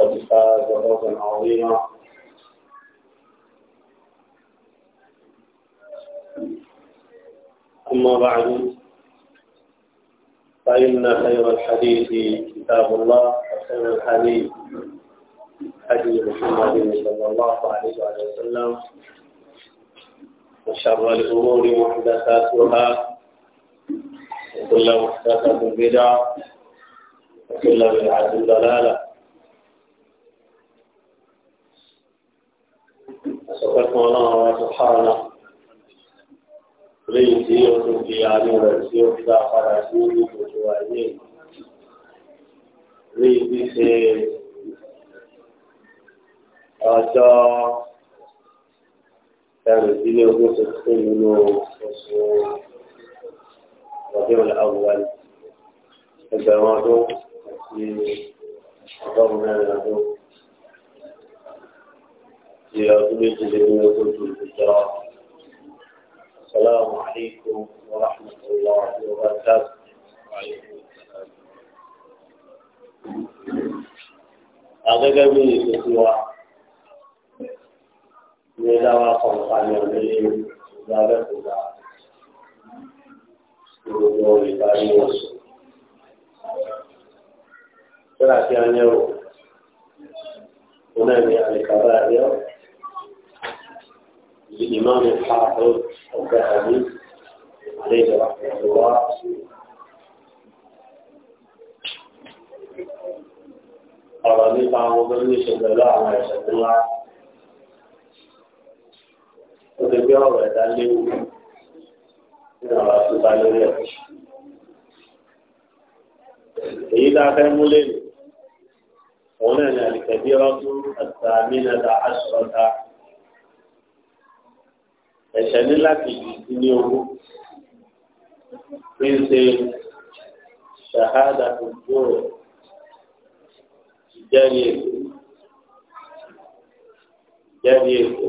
قد فاز فوزا عظيما أما بعد فإن خير الحديث كتاب الله وخير الحديث حديث محمد صلى الله عليه وسلم وشر الأمور محدثاتها وكل محدثة بدعة وكل بدعة ضلالة ọ̀nà lẹ́yìn tí ó tún di àánú rẹ̀ tí ó fi dápadà sí ìgbòho ayé lẹ́yìn tí ṣe ọjọ́ ẹrìndínlẹ̀ ogún tuntun nínú oṣù ọdún ìlàwọ̀ ẹgbẹ̀rún ọdún àti ọgọ́rùn-ún mẹ́rin ọdún. زيادة كنت الهجرات السلام عليكم ورحمة الله وبركاته وعليكم السلام هذا قبل الأسبوع ولا واقف عن الغيب ولا بد gbogbo ìdarí wọn. Sọ́dà tí a yẹ wò, للإمام الحافظ الذهبي عليه رحمه الله أراني فاهمني شد الله على شد الله وتبيعه ويتعلم من الله سبحانه وتعالى إذا كان مولين هنا الكبيرة يعني الثامنة عشرة ẹ̀ṣẹ̀ ní láti jù sí ní owó kí n ṣe ṣàhádà gbogbo rẹ̀ ìjẹ́rìí èkó ìjẹ́rìí èkó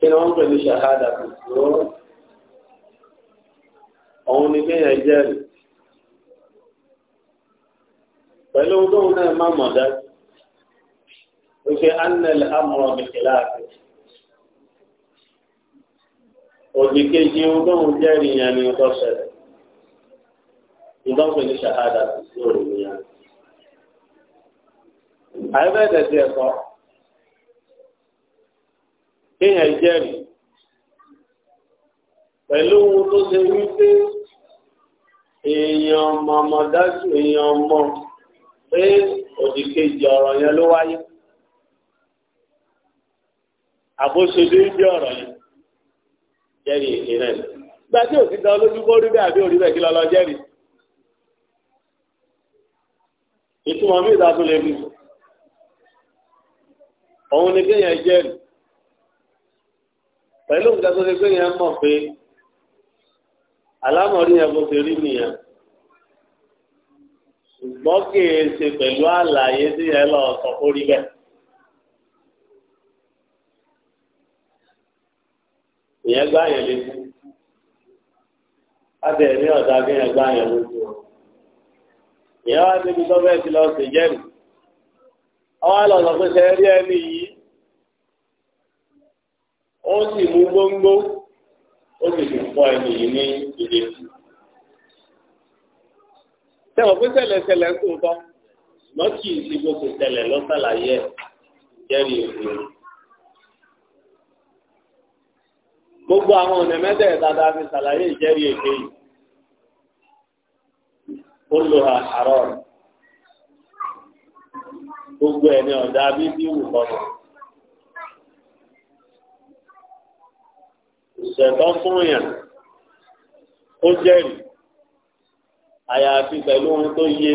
kí ni wọ́n pè ní ṣàhádà gbogbo òun ni kéèyàn jẹ́rìí pẹ̀lú ohun tóun náà má mọ̀ dájú wípé annel amọ̀ mi kìláàfin òdì kejì ohun tó ń jẹ́rìí yẹn ni tó ṣẹlẹ̀ ìdánwò ní ṣàhádà sí òun yẹn. àìbẹ̀dẹ̀ sí ẹ̀kọ́ kéèyàn jẹ́rìí pẹ̀lú ohun tó ṣe wípé èèyàn mọ̀mọ́dájú èèyàn mọ̀ pé òdì kejì ọ̀rọ̀ yẹn ló wáyé àbóṣe déédéé ọ̀rọ̀ yẹn jẹ́rìí èké náà ni gba tí òsì dán lójú bó rí bẹ́ẹ̀ àbí orí bẹ́ẹ̀ kí lọ́lọ́ jẹ́rìí ìtumọ̀ mí ìdá tó lè mú òun ni kéèyàn jẹ́rìí pẹ̀lú nǹkan tó ṣe kéèyàn mọ̀ pé alámọ̀rí yẹn kò ṣe rí nìyẹn ṣùgbọ́n kì í ṣe pẹ̀lú àlàyé tí yẹn lọ sọ fórí bẹ́ẹ̀. ìyẹn gbá yẹn lé kú abẹ ẹ̀mí ọ̀dà bí yẹn gbá yẹn lójú ọ. ìyẹn wá débi gọ́fẹ̀ẹ́sì lọ sí jẹ́rì ọwọ́ àlọ́lọ́ pé sẹ́yìn rí ẹni yìí ó sì mú gbóngbó ó sì fi fọ́ ẹni yìí ní ilé kù. sẹ́wọ̀n pé sẹ̀lẹ̀sẹ̀lẹ̀ ń kó tán ṣùgbọ́n kì sẹ̀lẹ̀ lọ́sàlàyé jẹ́rì òkú. gbogbo àwọn ọ̀nà mẹ́tẹ̀ẹ̀ta tá a fi ṣàlàyé ìjẹ́rìí èké yìí ó lo àárọ̀ gbogbo ẹ̀ ní ọ̀dà bíbí wù kọ́nà. ìṣẹ̀tọ́ fún yàn ó jẹ́rìí àyàfi pẹ̀lú ohun tó yẹ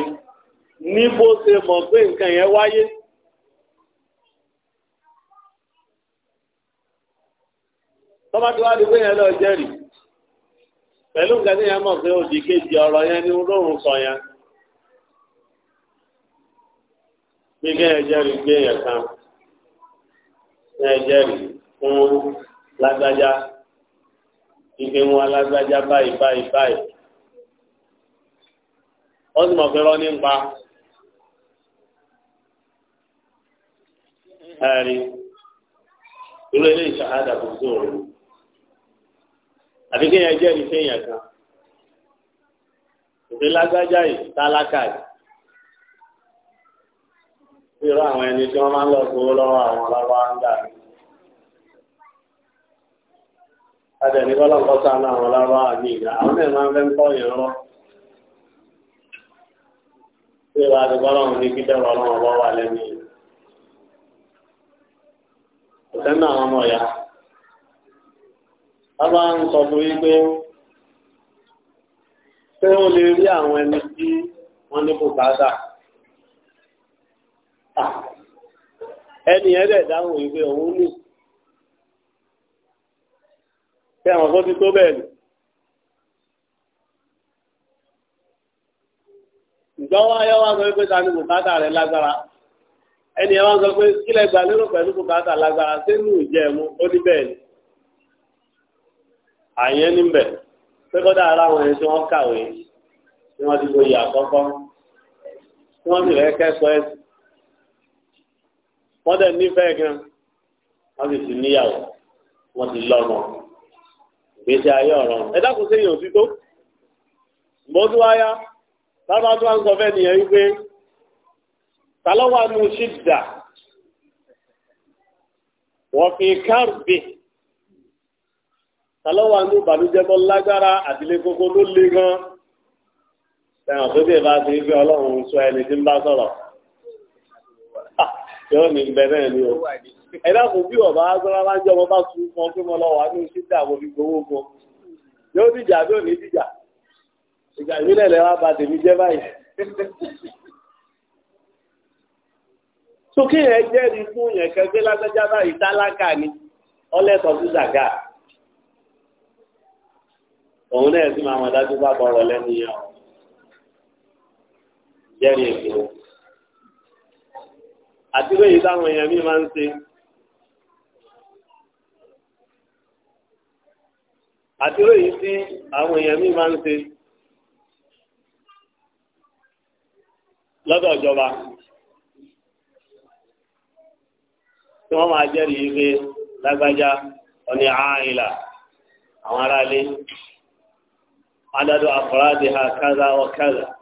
ní ṣe mọ̀ pé nǹkan yẹn wáyé. tọ́ba tí wàá di pé yẹn lọ jẹ́rìí pẹ̀lú nǹkan tí yẹn mọ̀ pé òjì kejì ọ̀rọ̀ yẹn ni olóhùn sọ yẹn bí kẹ́yìn jẹ́rìí gbé yẹn kan kẹ́yìn jẹ́rìí fún lágbájá ike wọn báyìí báyìí báyìí wọ́n sì mọ̀ pé rọ́ nípa ẹ̀rí eléyìí àbí kéèyàn jẹ́ ìṣe èèyàn kan òfin lágbájá yìí tálákà yìí bí irú àwọn ẹni tí wọ́n máa ń lọ gbowó lọ́wọ́ àwọn ọlọ́wọ́ ń dà mí. Adé ní bọ́lá ń kọ́ sáà náà àwọn ọlọ́wọ́ àmì ìgbà àwọn náà máa ń fẹ́ ń kọ́ yẹn rọ́. Bí irú àti bọ́lá ń ní kíkẹ́ ọlọ́wọ́ wà lẹ́nu yìí. Ọ̀sẹ̀ náà àwọn ọmọ ìyá a bá ń sọ fún yín pé pé ó lè rí àwọn ẹni tí wọ́n ní kò káàdà ẹni yẹn dẹ̀ dáhùn ìwé òun nì pé àwọn fọ́tí tó bẹ́ẹ̀ ni. ìjọba ayọ́ wa sọ pé ta ni bùkátà rẹ̀ lágbára ẹni yẹn wá sọ pé kílẹ̀ gbà lérò pẹ̀lú bùkátà lágbára sínú ìjẹ̀mú ó ní bẹ́ẹ̀ ni. àyẹn níbẹ̀ pé kọ́dà ara àwọn tí wọ́n kàwé tí wọ́n ti gboyè àkọ́kọ́ tí wọ́n sì rẹ́ kẹ́kọ̀ọ́ ẹ̀sìn wọ́n dẹ̀ nífẹ̀ẹ́ gan wọ́n sì ti níyàwó wọ́n ti lọ́mọ gbèsè ayé ọ̀rọ̀ ẹ dákun sí èèyàn tító bàbá ń sọ fẹ́ nìyẹn wípé talọ́wà ń lò bàlújẹ́ bọ́ lágbára àtìlẹ́ kókó tó le gan. ẹ̀hàn tó dé bá ti gbé ọlọ́run sọ ẹni tí ń bá sọ̀rọ̀. Ah, yóò ní bẹ náà ni o. ẹ dákun bí ọba agbára wá ń jẹ́ ọmọ bá tu fún ọ pé mo lọ wà ní oṣù tí àwọn fi gbowó gan. yóò dìjà bí ò ní dìjà. ìgbà ìbílẹ̀ rẹ̀ wá ba tèmi jẹ́ báyìí. sókè yẹn jẹ́rìí fún yẹn kẹgbẹ́ lágbájá báyìí tálákà ni ọlẹ́tọ̀ọ́ òun náà sì máa mọ̀ dájú bá bọ̀ wọlé nìyẹn o jẹ́rìí èké o àti lóyìn táwọn èèyàn mi máa ń ṣe àti lóyìn tí àwọn èèyàn mi máa ń ṣe lọ́dọ̀ ìjọba tí wọ́n máa jẹ́rìí pé lágbájá ọ̀nì àárín àwọn aráalé عدد أفرادها كذا وكذا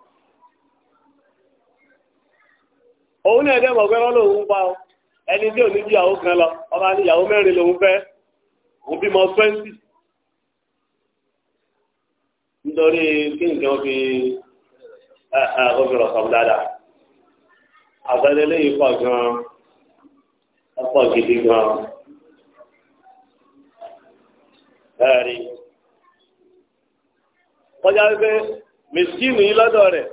òun náà dẹ́mọ̀ pé wọ́n lòun pa ọ ẹni tí ò ní ìyàwó kan lọ ọba ní ìyàwó mẹ́rin lòun fẹ́ òun bímọ twenty nítorí kí nǹkan fi ọ̀gbìn eh, eh, ọ̀sán dáadáa àgbẹ̀lẹ̀ lẹ́yìn pọ̀ gan-an ọ̀pọ̀ gidi gan-an kọjá wípé mẹsìkìnì yìí lọ́dọ̀ rẹ̀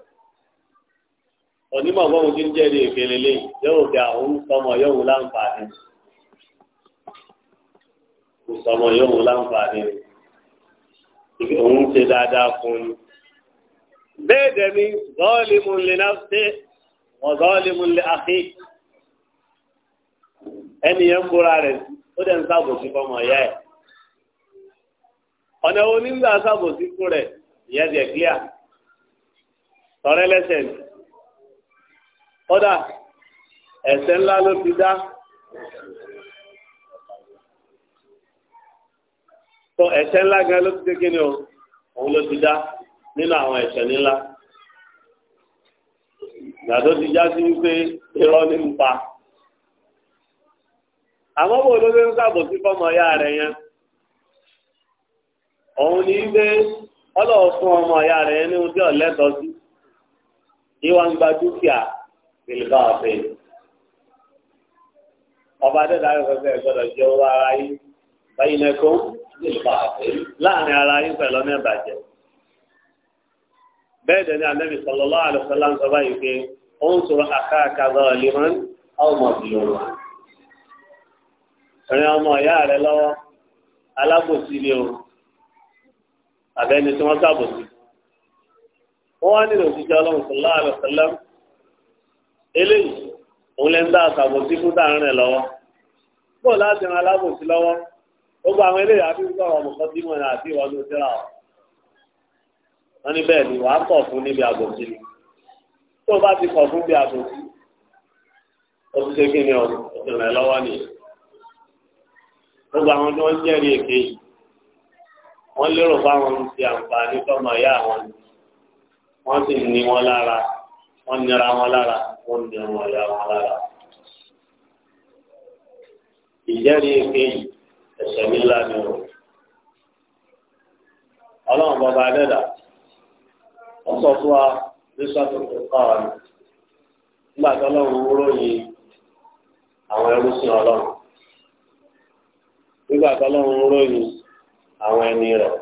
onímọ̀ fọ́hùn tí ń jẹ́ ní ìpele lẹ́yìn yóò fi àwọn sọmọ yóò wù láǹfààní sọmọ yóò wù láǹfààní òun ṣe dáadáa fún un. bẹ́ẹ̀ dẹ̀mí zọ́ọ̀lì mu lè náà ṣe wọ́n zọ́ọ̀lì mu lè àfi ẹni yẹn ń bóra rẹ̀ ó dẹ̀ ń sábòsí fọmọ ìyá ọ̀nà onígbà sábòsí fún rẹ̀ ìyẹn tiẹ̀ clear tọrẹ lẹ́sẹ̀ ni kódà ẹ̀ṣẹ̀ ńlá ló ti dá tó ẹ̀ṣẹ̀ ńlá gan ló ti dé kíni o òun ló ti dá nínú àwọn ẹ̀ṣẹ̀ ńlá gbàdó ti já sí wípé irọ́ ní ń pa àmọ́ bò ló ń sàbòsí fọmọ ya rẹ̀ yẹn òun ní í gbé. ọlọ́wọ́ fún ọmọ ọ̀yá rẹ̀ ní ohun tí ọ̀lẹ́tọ̀ sí ń gba dúkìá ọ̀fẹ́ ọba dẹ́dà rẹ̀ gbọ́dọ̀ jẹ́ owó ara yín báyìí mẹ́kọ́ ìlúbà ọ̀fẹ́ láàrin ara yín pẹ̀lú ọmọ bẹ́ẹ̀ dẹ̀ ní báyìí pé ó ń àkáàkà ọmọ ọmọ ọ̀yá lọ́wọ́ alábòsí ni o. abẹ́ni tí wọ́n sábò sí. wọ́n wá nílò òṣìṣẹ́ ọlọ́run sallallahu alaihi wasallam eléyìí òun lè ń dá àṣàbò sí fún dáhùn rẹ̀ lọ́wọ́ bó láti ran alábòsí lọ́wọ́ gbogbo àwọn eléyìí àti sọ̀rọ̀ ọmọkàn tí mo náà àti ìwọ ló síra ọ̀ wọ́n ní bẹ́ẹ̀ ni wàá kọ̀ fún níbi àbòsí ni tó o bá ti kọ̀ fún bí àbòsí o ti ṣe kí ni ọ̀ ìrìn lọ́wọ́ nìyẹn gbogbo àwọn tí wọ́n jẹ́rìí èké yìí wọ́n lérò fáwọn ń àǹfààní tọ́mọ ìyá àwọn ni wọ́n sì ní wọn lára wọ́n nira wọn lára wọ́n ní ọmọ ìyá wọn lára. ìjẹ́rìí èkéyìí ẹ̀ṣẹ̀ mi ni o. ọlọ́run bọba adẹ́dà wọ́n sọ fún wa ní sọ́tòkò kọ́ọ̀rọ̀ nígbà tó wúrò yìí àwọn ẹni rẹ̀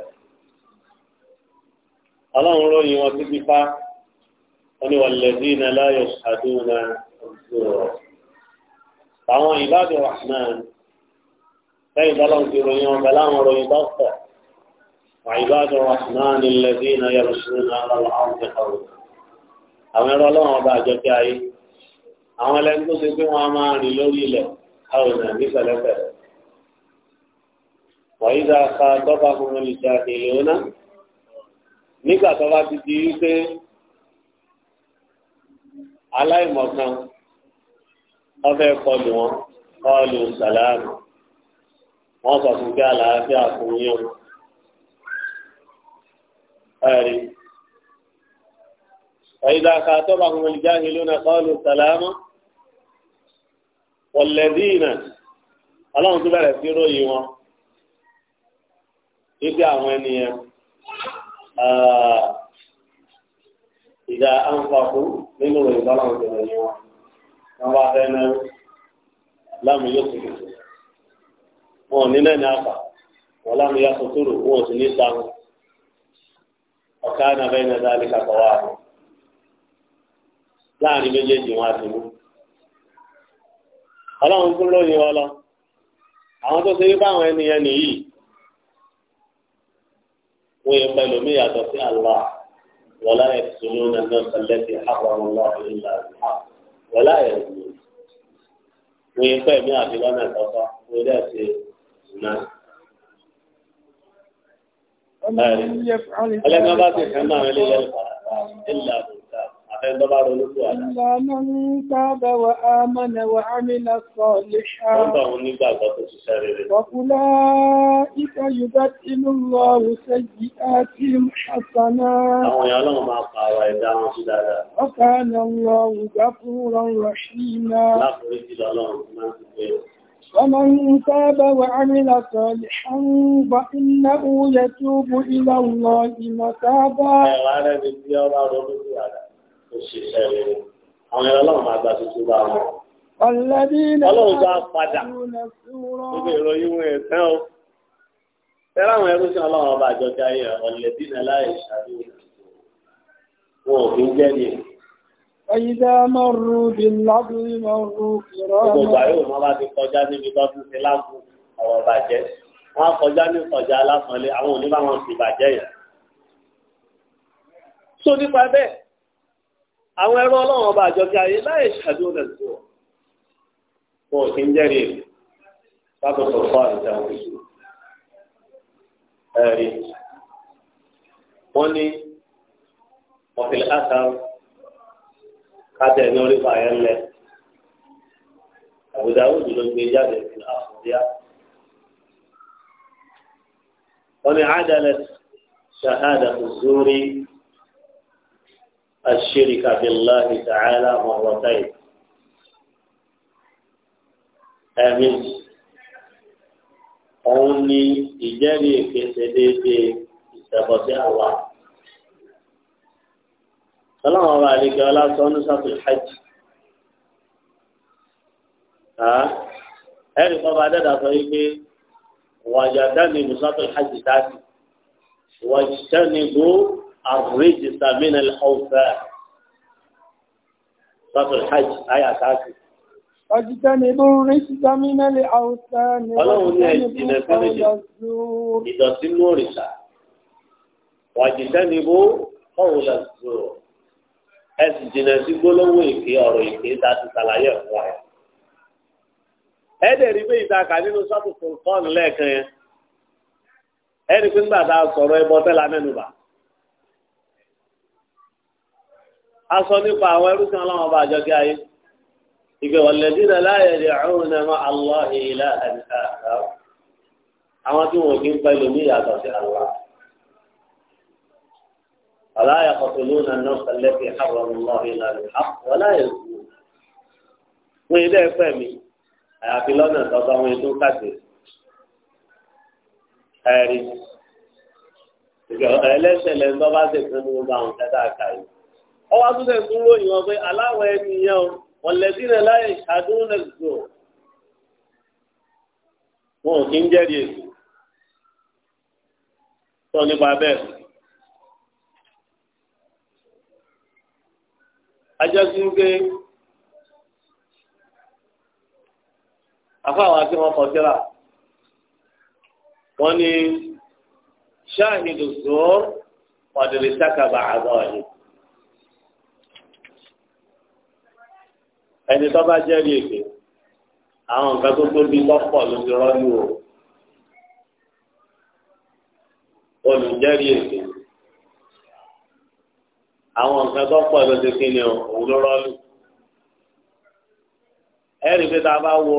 ọlọ́run ròyìn wọn sí pípa wọn ni wọ́n lè dín iná láyọ̀ àdúrà ìṣòro àwọn ìbáàdì rahman lẹ́yìn tọ́lọ́run ti ròyìn wọn pẹ̀lú àwọn ròyìn tó pọ̀ وعباد الرحمن الذين يمشون على الأرض حولا àwọn ẹrọ ọlọ́run ọba àjọkẹ́ ayé àwọn ẹlẹ́ni tó ṣe pé wọ́n máa rìn lórí ilẹ̀ àwọn ènìyàn ní wàyídà ká tọ́ba kúrò lè da èlé ọ̀nà nígbà tó bá ti di wípé aláìmọ̀kan ọfẹ́ kọlù wọn kọlù sàlámù wọn sọ fún kí àlàáfíà fún yín ẹ̀rí wàyídà ká tọ́ba kúrò lè da ọ̀nà kọlù sàlámù wọ̀lẹ́dínà ọlọ́run tó bẹ̀rẹ̀ sí ròyìn wọn. wípé àwọn ènìyàn ah, ìdá ànfàkú nínú ìròyìn bá láwọn ìròyìn yìí wọn wọn bá fẹ́ náà láàmú yóò tìlù wọn ò ní náà àpà wọn láàmú yá sọtúrò wọn ò sì ní sáwọn ọ̀ká kàkọ́ láàrin méjèèjì wọn àti mú ọlọ́run tó lóyún ọ lọ àwọn tó ṣe wípé àwọn ènìyàn nìyí. wọ́n yẹ pẹ̀lú mi yàtọ̀ sí Allah wọ́lá yẹ sunu nàná sẹlẹ̀tì àbọ̀mọ́lá ìlà ìhà wọ́lá yẹ sunu wọ́n yẹ pẹ̀lú mi àti lọ́nà ìtọ́sọ́ wọ́n dẹ̀ ṣe sùnà. ẹlẹ́gbẹ́ bá ti sẹ́nu àwọn ilé yẹn ìlà ìhà. Ìlànà ní tábà wa ámànà wa ámìnà sọ lè ṣá. Wọ̀kúlá ìkà yùgbá tí mú lọ rùsẹ̀ yìí àti àtànà. Àwọn ìyá ọlọ́run máa pààrà ẹ̀dá wọn sí dáadáa. Ọkà náà lọ rùgbá fún rọrùn rọ̀ṣínà. Láàpùrí jìlọ ọlọ́run máa ń pè é. ومن تاب وعمل صالحا فإنه يتوب òṣìṣẹ́ rere àwọn ẹ̀rọ ọlọ́run máa gba tuntun bá wọn. ọlọ́run bá padà gbogbo ìròyìn wọn ẹ̀sẹ̀ o tẹ́lá àwọn ẹrú sí ọlọ́run ọba àjọkẹ́ ayé ọ̀lẹ́bí náà láì ṣàdúrà wọn ò kí ń jẹ́ nìyẹn. فإذا مروا باللغو مروا كراما Gbogbo àyè wọn bá ti kọjá níbi tó ti ṣe láàbù ọ̀rọ̀ bàjẹ́. Wọ́n kọjá ní kọjá aláfọ̀lé, àwọn òní àwọn ẹrú ọlọ́run ọba àjọ kí ayé láyé ṣàdó rẹ̀ sí ọ. wọn kì jẹ́rìí èlò láti sọ ẹ̀rí wọ́n ní ọ̀fìlẹ̀ àtàn kájẹ̀ ní orí fàyẹ̀ ńlẹ̀. àbùdá òdù ló gbé jáde ní àfọ̀díà. wọ́n ní ṣàhádà الشرك بالله تعالى مرتين ẹ̀mí òun ni ìjẹ́rìí ìpèsè déédéé ìṣẹ̀bọ̀sí àwa. sọlọ́wọ́n ọba àlejò ọlásọ ní sọ́tò hajj. ẹ̀rí kọ́ba dẹ́dà sọ wípé wàjà dání ní sọ́tò hajj táàtì wàjà dání bó. الرجس من الأوثان سورة الحج آية تاسع Ọjítẹ́nibú ríṣítọ́ mínẹ́lì àwùsá ni ọlọ́run ní ẹ̀jìnà fẹ́lẹ́jì ìdọ̀tínú òrìṣà. Ọjítẹ́nibú ọ̀hún lọ́sùn ẹ sì jìnà sí gbólóhùn èké ọ̀rọ̀ èké tá a ti ṣàlàyé fún wa. Ẹ dẹ̀ rí pé ìtaka nínú sọ́ọ̀tù fún fọ́ọ̀nù lẹ́ẹ̀kan yẹn. Ẹ pé nígbà tá a sọ̀rọ̀ ẹbọ tẹ́lá mẹ́nu aṣọ nípa àwọn ẹrú kan láwọn ọba àjọkẹ́ ayé ìgbẹ́ walladhina la yad'una ma'a Allahi ilahan akhar àwọn tí wọn kì í pẹ́ lómi ìyàtọ̀ sí àlá. ولا يقتلون النفس التي حرم الله إلا بالحق ولا يزنون wọ́n ilé ẹ̀fẹ́ mi àyàfi lọ́nà tọ́tọ́ wọn ètò kàdé ẹ̀rí ẹlẹ́sẹ̀ lẹ́nu tó bá ṣe fún mi gbogbo àwọn kẹta àkàyè ọwọ́ àtúntẹ̀ tún ròyìn wọn pé aláwọ̀ ẹni yẹn o ọ̀lẹ́sí rẹ̀ láyé ṣàdúrà zò wọn ò kí ń jẹ́rìí èsì sọ nípa bẹ́ẹ̀. ajásí wípé afọ àwọn àti wọn kọ síra wọn ni ṣáàhìndùsọ ọdẹlẹsàkàbà àgọ ọyìn. ẹni tó bá jẹ́rìí èké àwọn nǹkan tó tóbi lọ́pọ̀ ló ti rọ́lù o olùjẹ́rìí èké àwọn nǹkan tó pọ̀ ló ti kíni o òun ló rọ́lù ẹ̀rí pé tá a bá wo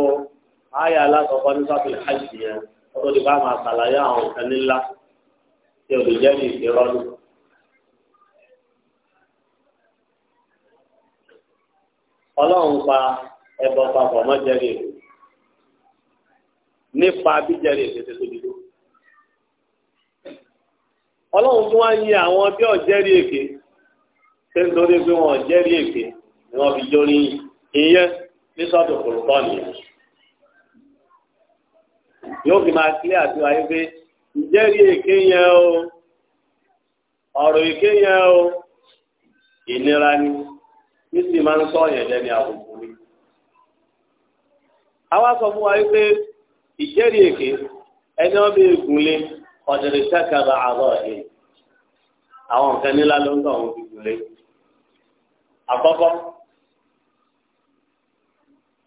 àyà alákọ̀ọ́kọ́ ní sọ́kùnrin hajj yẹn ó tó di bá máa ṣàlàyé àwọn nǹkan nílá tí olùjẹ́rìí èké rọ́lù. ọlọ́run pa ẹbọ papọ̀ mọ́ jẹ́rìí nípa bí jẹ́rìí tètè tóbi tó. ọlọ́run tún wá yin àwọn bí ọ̀jẹ́rìí èké ṣé nítorí pé wọn ọ̀jẹ́rìí èké ni wọ́n fi jórí ìyẹn ní sọ́dọ̀ kòròkọ́ nìyẹn. yóò fi máa kílẹ̀ àti wáyé pé ìjẹ́rìí èké yẹn o ọ̀rọ̀ èké yẹn o ìnira ni nísì máa ń sọ ọ̀yàn lẹ́ni àbùkù ni. àwa sọ fún wa wípé ìjẹ́rìí èké ẹni wọn bí gúnlé ọ̀dẹ̀rẹ̀ sákàbà àbọ̀ ẹ̀ àwọn nǹkan nílá ló ń tọ̀ wọn fi gúnlé. àkọ́kọ́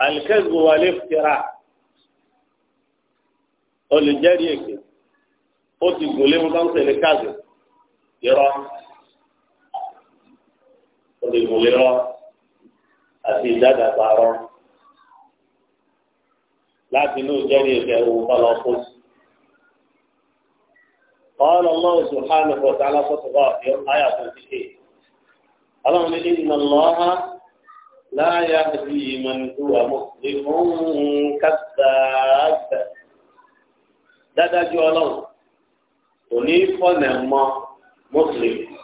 alikẹ́gbò wà lè fira olùjẹ́rìí èké ó ti gúnlé wọn kàn tẹ̀lé káàdì irọ́ olùgúnlé rọ́. àti ìdádàbà rọrùn láti inú ìjẹ́rìí ìbẹ̀rù kọ́lọ́ fóṣù. قال الله سبحانه وتعالى فتغى في آية 28 اللهم إن الله لا يهدي من هو مسلم كذاب dájú ọlọ́run kò ní fọ́nà mọ́ mùsùlùmí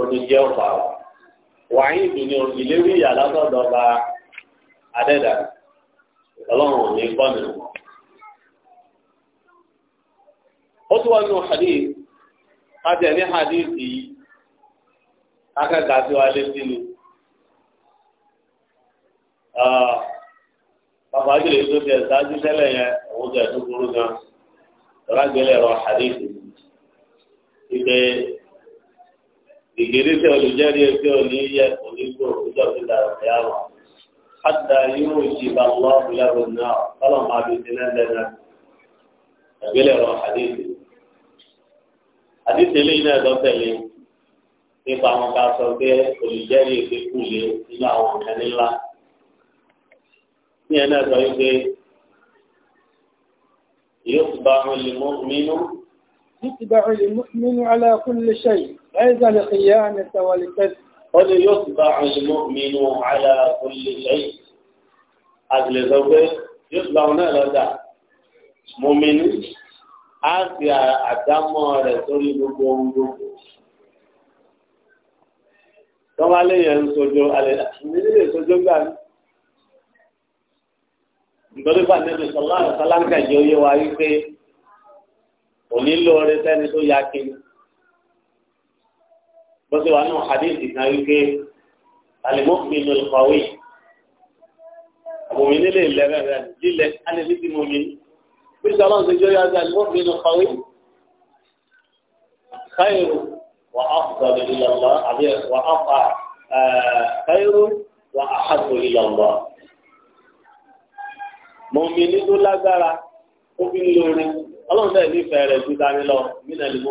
oníjẹ ọ̀fà o wàá ni ìlérí ìyá látọ̀dọ̀ bá ní kọ́ ó tún wá hadith ní hadith yìí akẹ́kọ̀ọ́ tí wàá lé sí ni bàbá jùlọ èso tiẹ̀ yẹn òun tó burú gan gbélé ìgbèrèsè olùjẹ́rí ẹgbẹ́ òní yẹ onígbò ìjọba ìdàgbẹ́ àwọn àdá yóò ṣe bá wọn lẹ́rù náà ọlọ́run máa fi sílẹ̀ lẹ́nà ẹgbẹ́lẹ̀ rọ àdéhùn àdéhùn eléyìí náà dọ́tẹ̀lé nípa àwọn ká sọ pé olùjẹ́rí ẹgbẹ́ kù lé nínú àwọn ọ̀kẹ́ni ńlá ní ẹ̀ sọ wípé yóò ti bá wọn lè mú mínú. yóò ti bá wọn lè mú mínú ala kulli shay. ليس لخيانة والكذب قد يطبع المؤمن على كل شيء أجل زوجه يطبعون على ذا مؤمن àti àdámọ́ rẹ̀ sórí gbogbo ohun gbogbo. Tọ́wá léyìn ń sojo alẹ́ nílé sojo gbà ní. Nítorí bá níbi sọ̀lá àtàlánkà jẹ́ oyé wa wípé onílò orí sẹ́ni tó ya kiri bọ́sẹ̀ wà nù hadithi kan wípé alimọ́kùnrin ló kọ̀wé àbòmí nílé lẹ́rẹ̀ rẹ̀ lílẹ̀ ánìlí ti mọ̀mí bí sọ́lá ń sejọ́ yára alimọ́kùnrin ló kọ̀wé káyọ̀ wà áfùdàbẹ̀ ìlànà àbí wà áfà káyọ̀ wà áhàtò ìlànà mọ̀mí ní tó lágbára ó fi ń lórí ọlọ́run bẹ́ẹ̀ nífẹ̀ẹ́ rẹ̀ ju dání lọ nínú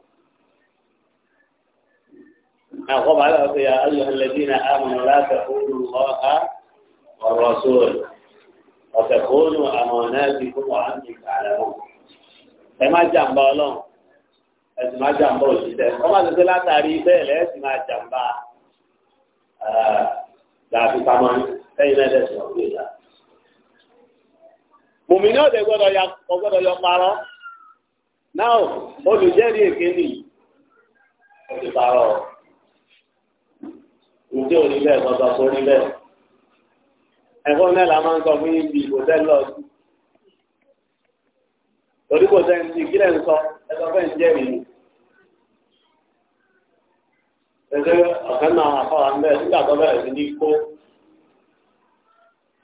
أقوم على يا أيها الذين آمنوا لا تقولوا الله والرسول وتكونوا أماناتكم وأنتم تعلمون فما جنبا لهم ẹsìn máa jàǹbá òṣìṣẹ́ wọ́n máa tẹ̀sẹ̀ látàrí bẹ́ẹ̀ lẹ́sìn máa jàǹbá làbí pamọ́ lẹ́yìn náà lẹ́sìn ọ̀gbìn ìlà. mùmí náà lè gbọ́dọ̀ yọ parọ́ náà olùjẹ́rìí èké nìyí olùparọ́ ǹjẹ́ òní bẹ́ẹ̀ bàbá kò rí bẹ́ẹ̀. ẹ̀kọ́ náà la máa ń sọ fún yín bí kò tẹ́ lọ sí. torí kò tẹ́ ń ti kílẹ̀ ń sọ ẹ sọ fẹ́ ń jẹ́ mi. ẹsẹ ọ̀kan náà àfọwà ń bẹ́ẹ̀ nígbà tó bẹ̀rẹ̀ sí ní kó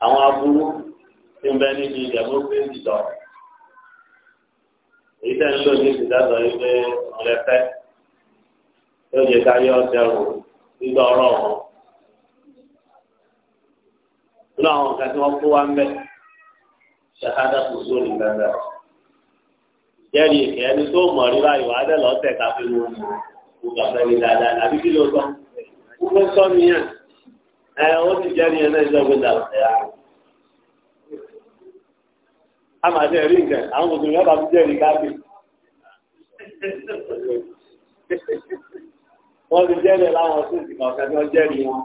àwọn aburú tí ń bẹ níbi democracy lọ. èyí tẹ́ ń lò ní ìdájọ́ yìí pé ọ̀rẹ́ fẹ́ yóò jẹ́ ká yọ ọ́ ndị ọrụ ọhụrụ ụlọ àwọn nǹkan tí wọ́n kó wá ń bẹ̀ ṣàkádà kò sóòlì ẹni tó mọ̀ rí báyìí wàá dẹ̀ káfí mu kò gbàgbẹ́ dáadáa àbí kí ló sọ. sọ nìyẹn ẹ ó àwọn ti káfí. wọ́n ti jẹ́rìí láwọn sí ìsìnkà ọ̀sẹ̀ tí wọ́n jẹ́rìí wọn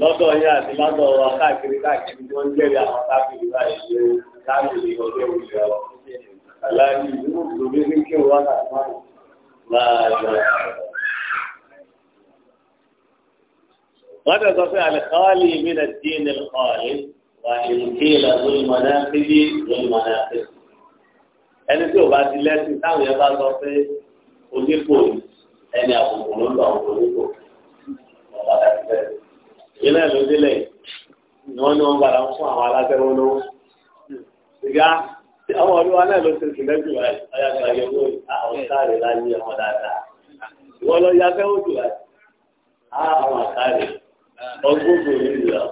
lọ́dọ̀ yẹn àti lọ́dọ̀ wa káàkiri káàkiri tí wọ́n jẹ́rìí àwọn káàkiri báyìí ṣe káàkiri ọjọ́ ìwé ọ. aláàbí ìlú òbí ní kí wọ́n wá láti máa lọ. wọ́n tẹ̀sọ́ pé àlẹ́kọ́ọ́lì mi nà dí ní ọ̀ọ́lì wà ìlúkí ìlànà ìmọ̀nà síbi ìmọ̀nà síbi. ẹni tí ò bá ti lẹ́sìn táwọn yẹn bá sọ pé onípò ẹni àbùkù ló lọ àwọn olóko ọba tàbí bẹ́ẹ̀. ilé ẹ̀ ló délé ni wọ́n ní wọ́n padà ń fún àwọn alágbẹ̀rún lówó. ìyá àwọn ọdún wa náà ló ti sìn lẹ́jù rẹ̀ ọ̀yàgbà yẹ̀wò ah, àwọn káàrí láyé ọmọ dáadáa. ìwọ lọ ya fẹ́ òjò rẹ̀ ah, àwọn àkáàrí ọgbọ́gbò yìí lọ.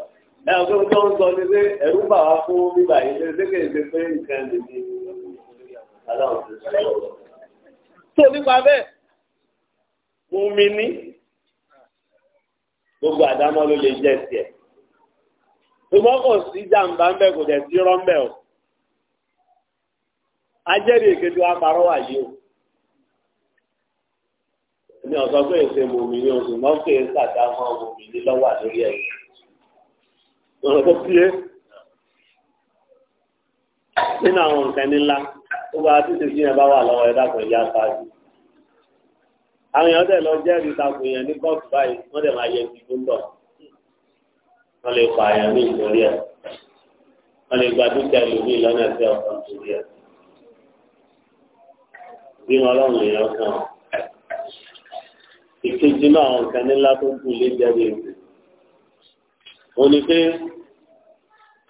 ẹ ọgbọ́n tó ń sọ ni pé ẹ̀rú bà wá fún bíbà yìí ṣe ṣé kèé ṣe pé nǹkan lè ní. tó nípa bẹ́ẹ̀ fún mi ní gbogbo àdámọ́ ló lè jẹ́ tiẹ̀ ṣùgbọ́n kò sí jàǹbá ń bẹ̀ kò dẹ̀ sí rọ́ńbẹ̀ o ajẹ́rìí èkéde wa parọ́ wà yìí o ní ọ̀sán pé èsè mòmí ní oṣù mọ́ pé sàdámọ́ mòmí ní lọ́wọ́ àlórí ẹ̀yìn ọ̀rọ̀ tó fi é nínú àwọn nǹkan ní ńlá tó bá títí sí yẹn bá wà lọ́wọ́ ẹ̀dá kan ìyá sáájú àwọn èèyàn dẹ̀ lọ jẹ́rìí ìtakùn yẹn ní kóòtù báyìí wọ́n dẹ̀ máa yẹ ti tó ń bọ̀ wọ́n lè pa àyàn ní ìtòrí ẹ̀ wọ́n lè gba dúkìá lómi lọ́nà ẹ̀sẹ̀ ọ̀kan torí ẹ̀ bí wọn lọ́rùn èèyàn kan ìkejì náà àwọn nǹkan nílá tó kù lé jẹ́rìí èsì òun ni pé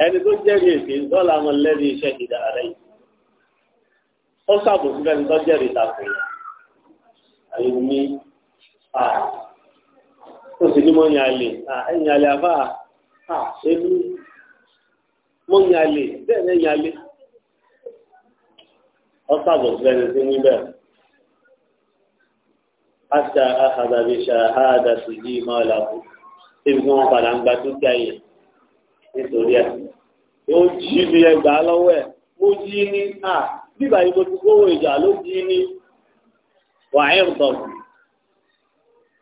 ẹni tó jẹ́rìí èsì sọ́la wọn lẹ́rìí iṣẹ́ ìdá rẹ̀ ó sàbòsí fẹ́ni tó jẹ́rìí ìtakùn yẹn àìní à ó sì ní mọ́ ní alè à ẹ̀yìn alè àbá à ẹ̀mí mọ́ ní alè bẹ́ẹ̀ ní ẹ̀yìn alè ọ́sàbọ̀ sílẹ̀ sí níbẹ̀ àṣà àhàdàbí ṣàhádà sí jí máa làbù tí wọ́n padà ń gba dúkìá yẹn nítorí ẹ̀ yóò jí bí ẹgbàá lọ́wọ́ ẹ̀ mo jí ní à bíbá yìí mo ti kówó ìjà ló jí ní wà á yẹn tọ̀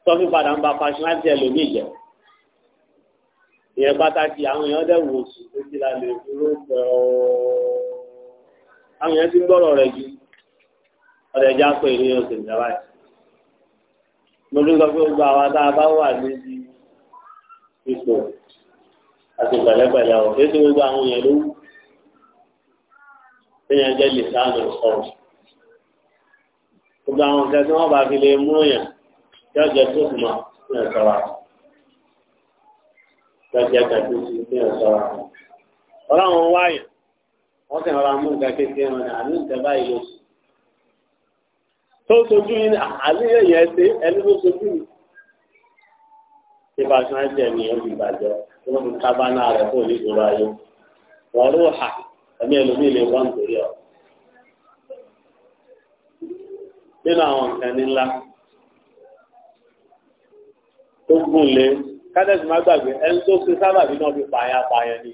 tọ́fi padà ń ba fashionality ẹlòmíì jẹ ìyẹn pàtàkì àwọn èèyàn dẹ̀ wò sùn tó ti la lè dúró pẹ̀ ọ́ àwọn èèyàn ti ń gbọ́rọ̀ rẹ̀ jù ọ̀dẹ̀ já pé ní oṣù ìjọba yìí mo ní sọ pé gbogbo àwa tá a bá wà níbi ipò àti pẹ̀lẹ́pẹ̀lẹ́ ọ̀ kí gbogbo àwọn èèyàn ló wù kéèyàn jẹ́ lè sáà lọ sọ̀rọ̀ gbogbo àwọn nǹkan tí wọ́n bá fi lè mú yàn yóò jẹ́ tó fún ọ ní ọ̀sọ́ra yóò jẹ́ kàtó sí ní ọ̀sọ́ra. ọlọ́run wáyà wọ́n sì rọra mú nǹkan kékeré wọn ní àní nǹkan báyìí ló sùn. tó sojú yín àlúyẹ̀ yẹn ṣe ẹni tó sojú yìí. ìbá tí wọ́n jẹ́ ní ẹ̀rù ìbàjẹ́ tí wọ́n fi kábánà rẹ̀ fún onígbòrò ayé. wọ́n wọ́n nítorí nínú àwọn nǹkan ńlá tó gùn lé kádẹ́sì má gbàgbé ẹni tó ṣe sábà bí náà fi pààyàn pààyàn ni.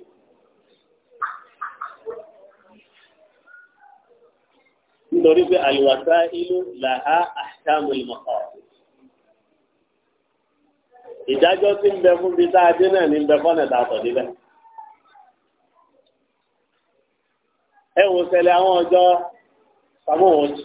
nítorí pé àlùwàsá ìlú làhá àṣàmù ìmọ̀ọ́. ìdájọ́ tí ń bẹ fún bíi tá a dé náà ní ń bẹ fọ́nà tá a tọ̀ níbẹ̀. ẹ wò ṣẹlẹ̀ àwọn ọjọ́ pamọ́ wọn jù.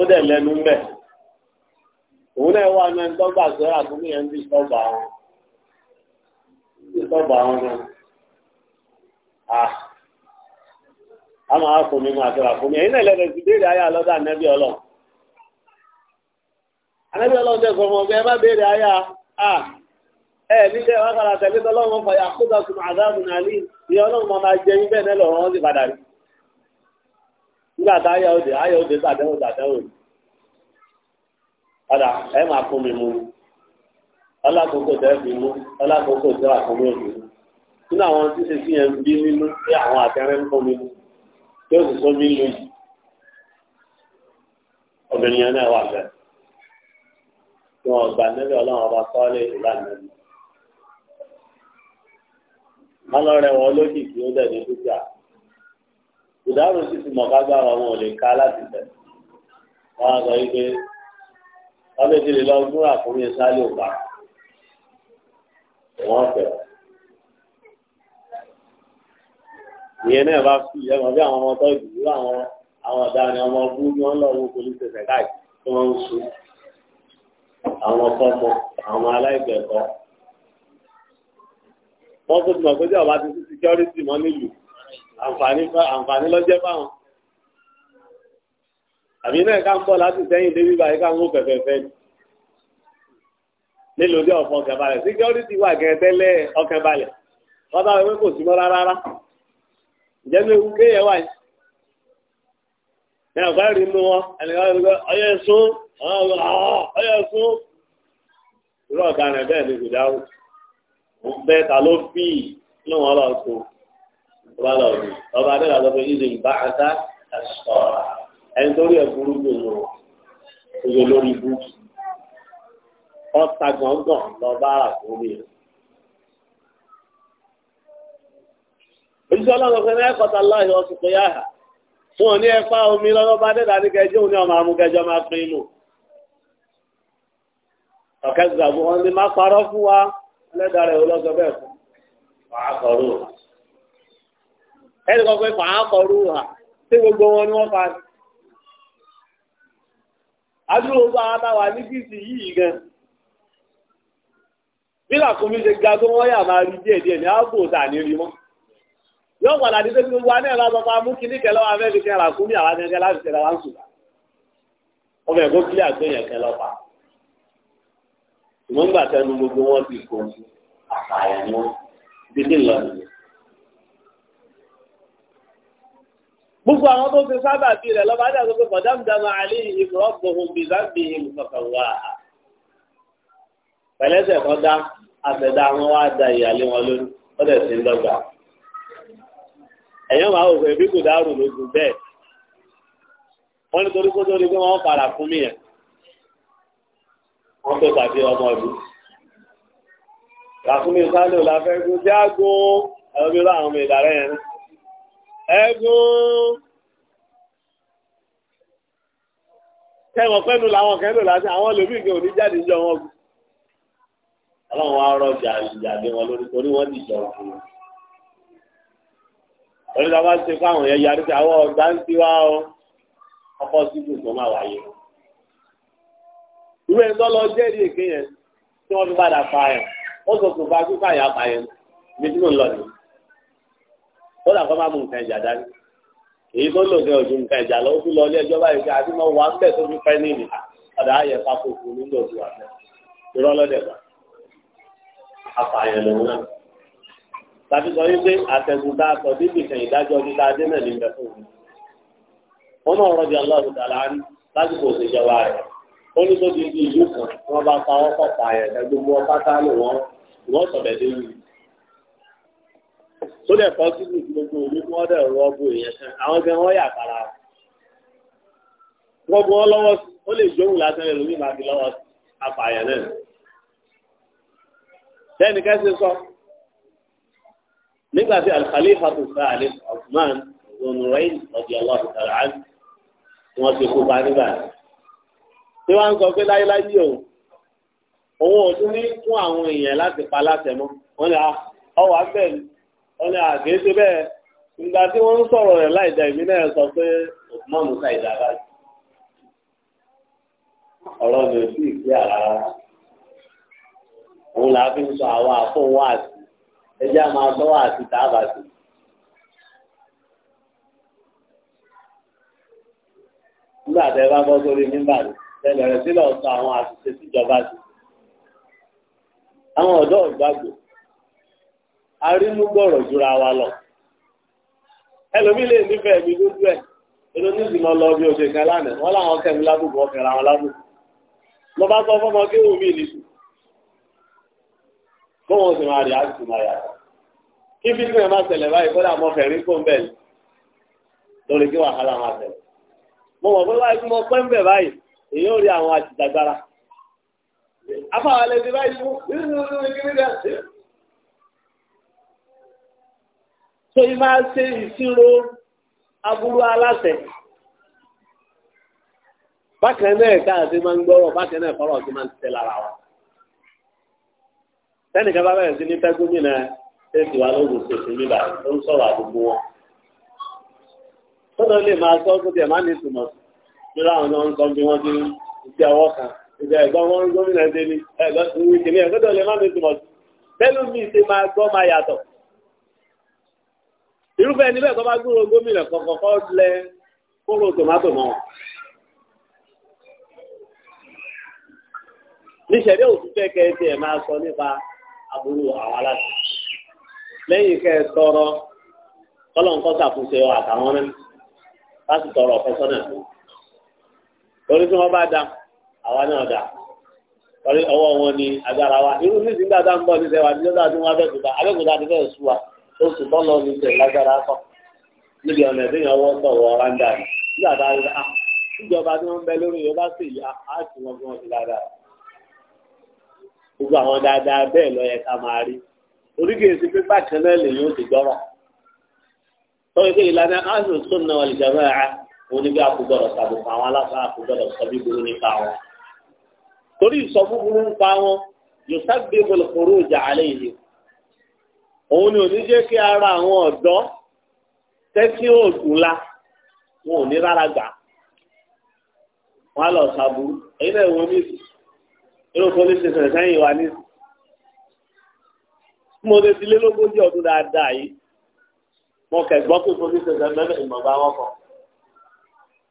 ó dẹ̀ lẹ́nu mẹ́ òun náà wà náà dọ́gba sọ́ra tó ní ẹ̀ ń dìsọ́bà àwọn dìsọ́bà náà a máa fún mi máa tọ́ra fún mi ẹ̀yin náà béèrè ayé nẹ́bí anẹ́bí tẹ̀sán a ẹ nílé wákàtà tẹ̀lé tọ́lọ́run fàyà kó dàtún àdáàbùn ìyá ọlọ́run máa jẹ nígbà tá ayọ̀ òde ayọ̀ òde sàdéhùn sàdéhùn padà ẹ máa fún mi mú ọlákòókò tẹ́ fi mú ọlákòókò tẹ́ àkómi òbí nínú àwọn tí ṣe fi yẹn bí nínú pé àwọn àtẹrẹ ń fún mi tí ó sì sọ mí lu yìí obìnrin yẹn náà wà bẹ́ẹ̀ tí wọn gbà níbi ọlọ́run ọba sọ́ọ́lẹ̀ ìlànà yìí. alọ́rẹ̀ wọn lókìkí ó dẹ̀ ní dúkìá ìdáhùn sì ti mọ̀ kágbára wọn ò lè ká láti tẹ̀. wọ́n á sọ wípé wọ́n bẹ́ẹ̀ ti lè lọ múra fún mi sálẹ̀ òpá. wọ́n fẹ̀. ìyẹn náà bá fi ìyẹn mọ̀ bí àwọn ọmọ tó ìdìbò àwọn àwọn ọ̀daràn ọmọ bú ni wọ́n lọ wo polisi ẹ̀sẹ̀ káàkiri tí wọ́n ń sùn. àwọn ọkọ àwọn aláìgbẹ̀kọ. wọ́n tún mọ̀ pé bí ọba ti sí security mọ́ nílùú àǹfààní àǹfààní lọ́jẹ́ báwọn àbí náà ká ń bọ̀ láti sẹ́yìn débi báyìí ká ń mú fẹ̀fẹ̀fẹ́ ni nílò dé ọ̀fọ̀ ọ̀kẹ́ balẹ̀ síkírọ́rìtì wà gẹ̀ẹ́ tẹ́lẹ̀ ọ̀kẹ́ balẹ̀ wọ́n bá wẹ́pẹ́ kò sí mọ́ rárá rárá ìjẹ́ mi ewu kéèyàn wà yìí ní ọ̀gá rí inú wọn ẹnìkan rí pé ọyọ ẹ̀sùn ọyọ ẹ̀sùn irú ọ̀gá rẹ̀ bẹ́ẹ̀ ni kò dáhùn bẹ́ẹ̀ ta ló fì í lóun ọlọ́ọ̀tún ọba lọ rí ọba adé làwọn ọba ìdè ìbá ata ẹsọ ẹni tó rí ẹ burú gbòòrò gbòòrò lórí ibú ọta gbọngàn lọba àkórí rẹ. òṣìṣẹ́ ọlọ́run fẹ́ mẹ́kọ́ ta láàyè ọ̀sùn pé yá hà fún òní ẹ̀fá omi lọ́wọ́ bá dé dání kẹjọ òní ọmọ amúkẹjọ máa pín inú. ọ̀kẹ́ gbàgbọ́ wọn ni má parọ́ fún wa ẹlẹ́dàá rẹ̀ ó lọ́sọ bẹ́ẹ̀ fún wàá kọ̀ọ̀rọ̀. ẹni kan pé fàá kọrú tí gbogbo wọn ni wọ́n fa ni. a ọba àbáwá ní gíìsì yìí gan. bí làkúnmí ṣe ga tó wọ́n yà máa rí díẹ̀ díẹ̀ ní ààbò tà ní rí mọ́. yóò padà ní gbogbo aná kí fi àwọn akẹ́kẹ́ láti wá ń sùn. ọbẹ̀ kó kẹ́ ìmọ̀ ń gbà tẹnu gbogbo wọn ti gbogbo àwọn tó ti sábà bí rẹ̀ lọ́ba dà tó fi kọ̀dámdámà àléhìn rọ́bùhùn bìzámbì ìmùsọ̀kànwá. pẹ̀lẹ́sẹ̀ kan dá àtẹ̀dá wọn wá da ìyàlé wọn lórí wọ́n dẹ̀ sí ń dọ́gba. ẹ̀yàn máa wò pé bí kò dárò lójú bẹ́ẹ̀ wọ́n ní torí kó tó di pé wọ́n fara fún mi yẹn wọ́n pè tàbí ọmọ ìlú. ràfúnmi sálò la fẹ́ gún jágún ẹ̀rọ mi lọ àwọn ọmọ ìdàrẹ́ yẹn náà. ẹ̀rù tẹ́wọ̀n pẹ́nu làwọn kẹ́lò láti àwọn lèmi ìgbẹ́ òní jáde jọ wọn gùn ọlọ́run wa rọ jàdé wọn lórí torí wọ́n dìjọ fún un lórí làwọn ṣe fáwọn yẹn yarí àwọn ń tiwá ọ ọkọ̀ síbù tó máa wáyé ìwé ń lọ́lọ́ jẹ́rìí èké yẹn tí wọ́n fi padà ẹ̀ ó yà yẹn ní ń lọ nìyẹn. kódà kó má mú nǹkan ìjà dání èyí tó lò ní ọdún nǹkan ìjà lọ ó tún lọ ilé ẹjọ́ báyìí pé àti náà wà ń bẹ̀ tó fi pẹ́ ní ìnìyà ọ̀dà ayẹ pákó fún un lóògùn wà bẹ́ẹ̀ irọ́ lọ́dẹ̀ gbà apààyàn lòun náà tàbí sọ wípé àtẹ̀gùn tá a sọ bí ìfẹ̀yìn ìdájọ́ ní tá a dé náà ní ìbẹ̀ fún un wọn náà rọjò aláàbò tààlà ní lásìkò òṣèjọba rẹ̀ ó ní tó di ibi ìlú kan wọn bá pa ọkọ̀ pààyàn ẹgbẹ́ gbogbo ọ tó dẹ̀ fọ́ sí gbogbo òní kí wọ́n dẹ̀ rọ́ọ̀bù èèyàn kan àwọn gan wọ́n yà kára gbogbo wọn lọ́wọ́ sí ó lè jóhùn lásán rẹ̀ lómi máa fi lọ́wọ́ sí apààyàn náà bẹ́ẹ̀ni kẹ́sì sọ nígbà tí al-Khalifa tó sá àlè Osman onurain ọ̀dì ọlọ́ọ̀dì tàràán wọ́n ti kú bá nígbà tí wọ́n ń sọ pé láyéláyé o òun ò tún ní fún àwọn èèyàn láti pa láṣẹ mọ́ wọ́n ní ah, ọwọ́ abẹ́ẹ̀lú wọ́n na àgbẹ̀ ṣe bẹ́ẹ̀ ìgbà tí wọ́n ń sọ̀rọ̀ rẹ̀ láìda ìmí náà sọ pé Usman musa ìdára ọ̀rọ̀ mi ò sí ìgbé ara òun là á fi ń sọ àti ẹjẹ́ a máa tọ́wọ́ àti tààbà sí. nígbà tẹ bá bọ́ sórí nígbà tí ẹ bẹ̀rẹ̀ sí. àwọn ọ̀dọ́ ìgbàgbọ́. arímúgbọ̀rọ̀ jura wa lọ. ẹlòmí lè nífẹ̀ẹ́ ẹ̀ lọ bí oṣù kan lánàá wọn làwọn kẹmi lábùkù wọn lábùkù. bá sọ fọmọ kí mí wọn sì máa rí àtúntò máa kí báyìí kọ́dà lórí kí wàhálà máa mo mọ̀ pé mo pẹ́ ń bẹ̀ báyìí so yí máa ṣe aburu aburú bákan náà káàdé máa ń gbọ́rọ̀ bákan náà fọ́rọ̀ sí máa ń tẹ̀ lára wa. sẹ́nìkan bá bẹ̀rẹ̀ sí ní gómìnà wa ń sọ̀rọ̀ àdúgbò wọn. lè máa sọ fún tiẹ̀ ní ìtumọ̀ sí láwọn náà ń sọ bí wọ́n ti ti ọwọ́ kan ìgbà ẹ̀gbọ́n wọn gómìnà ṣe ni ẹ̀gbọ́n ìwé ẹ̀gbọ́n irúfẹ́ ẹni bẹ́ẹ̀ tó bá gbúrò gómìnà kọ̀ọ̀kan kọ́ lẹ kóró tòmátò mọ́ wọn. níṣẹ̀lẹ̀ òtútù ẹ̀kẹ́ tí ẹ̀ máa sọ nípa aburú àwọn aláṣẹ lẹ́yìn kẹ́ ẹ tọrọ kọ́lọ́ǹkọ́ ṣàkóso àtàwọn náà láti tọrọ ọ̀fẹ́sọ́nà torí tí wọ́n bá da àwa náà da torí ọwọ́ wọn ni agbára wa irú nísìnyí dáadáa ń bọ̀ níṣẹ́ wa níjọ́ dáadáa tí wọ́n abẹ́kúta abẹ́kúta ti fẹ́ẹ̀ sú wa oṣù tọ́lọ ní tẹ̀ lágbára sọ níbi ọ̀nà ìdíyàn wọ́n tọ̀ wọ ráńdà ní nígbà tá a rí a ah, níjọba tí wọ́n ń bẹ lórí Yorùbá sì yá ah, á sì wọ́n fi wọ́n fi dáadáa gbogbo àwọn dáadáa bẹ́ẹ̀ lọ yẹ ká máa rí oríkèésí pípa kẹlẹ́ lèyìn ó ti gbọ́rọ̀ tọ́wọ́ pé ìlànà áàzù sunna wal jamaa òun ni bí akúgbọ̀rọ̀ tàbùkù àwọn aláṣà akúgbọ̀rọ̀ sọ bíburú òun ni ò ní jẹ́ kí ara àwọn ọ̀dọ́ tẹ́tí òògùn la wọn ò ní rárá gbà wọn á lọ sàbúrú èyí náà wọ́n ní inú police station sẹ́yìn wa ní mo lè ti lé lógójì ọdún dáadáa yìí mo kẹ̀gbọ́ pé police station mẹ́fẹ̀ ìmọ̀ba wọn kọ̀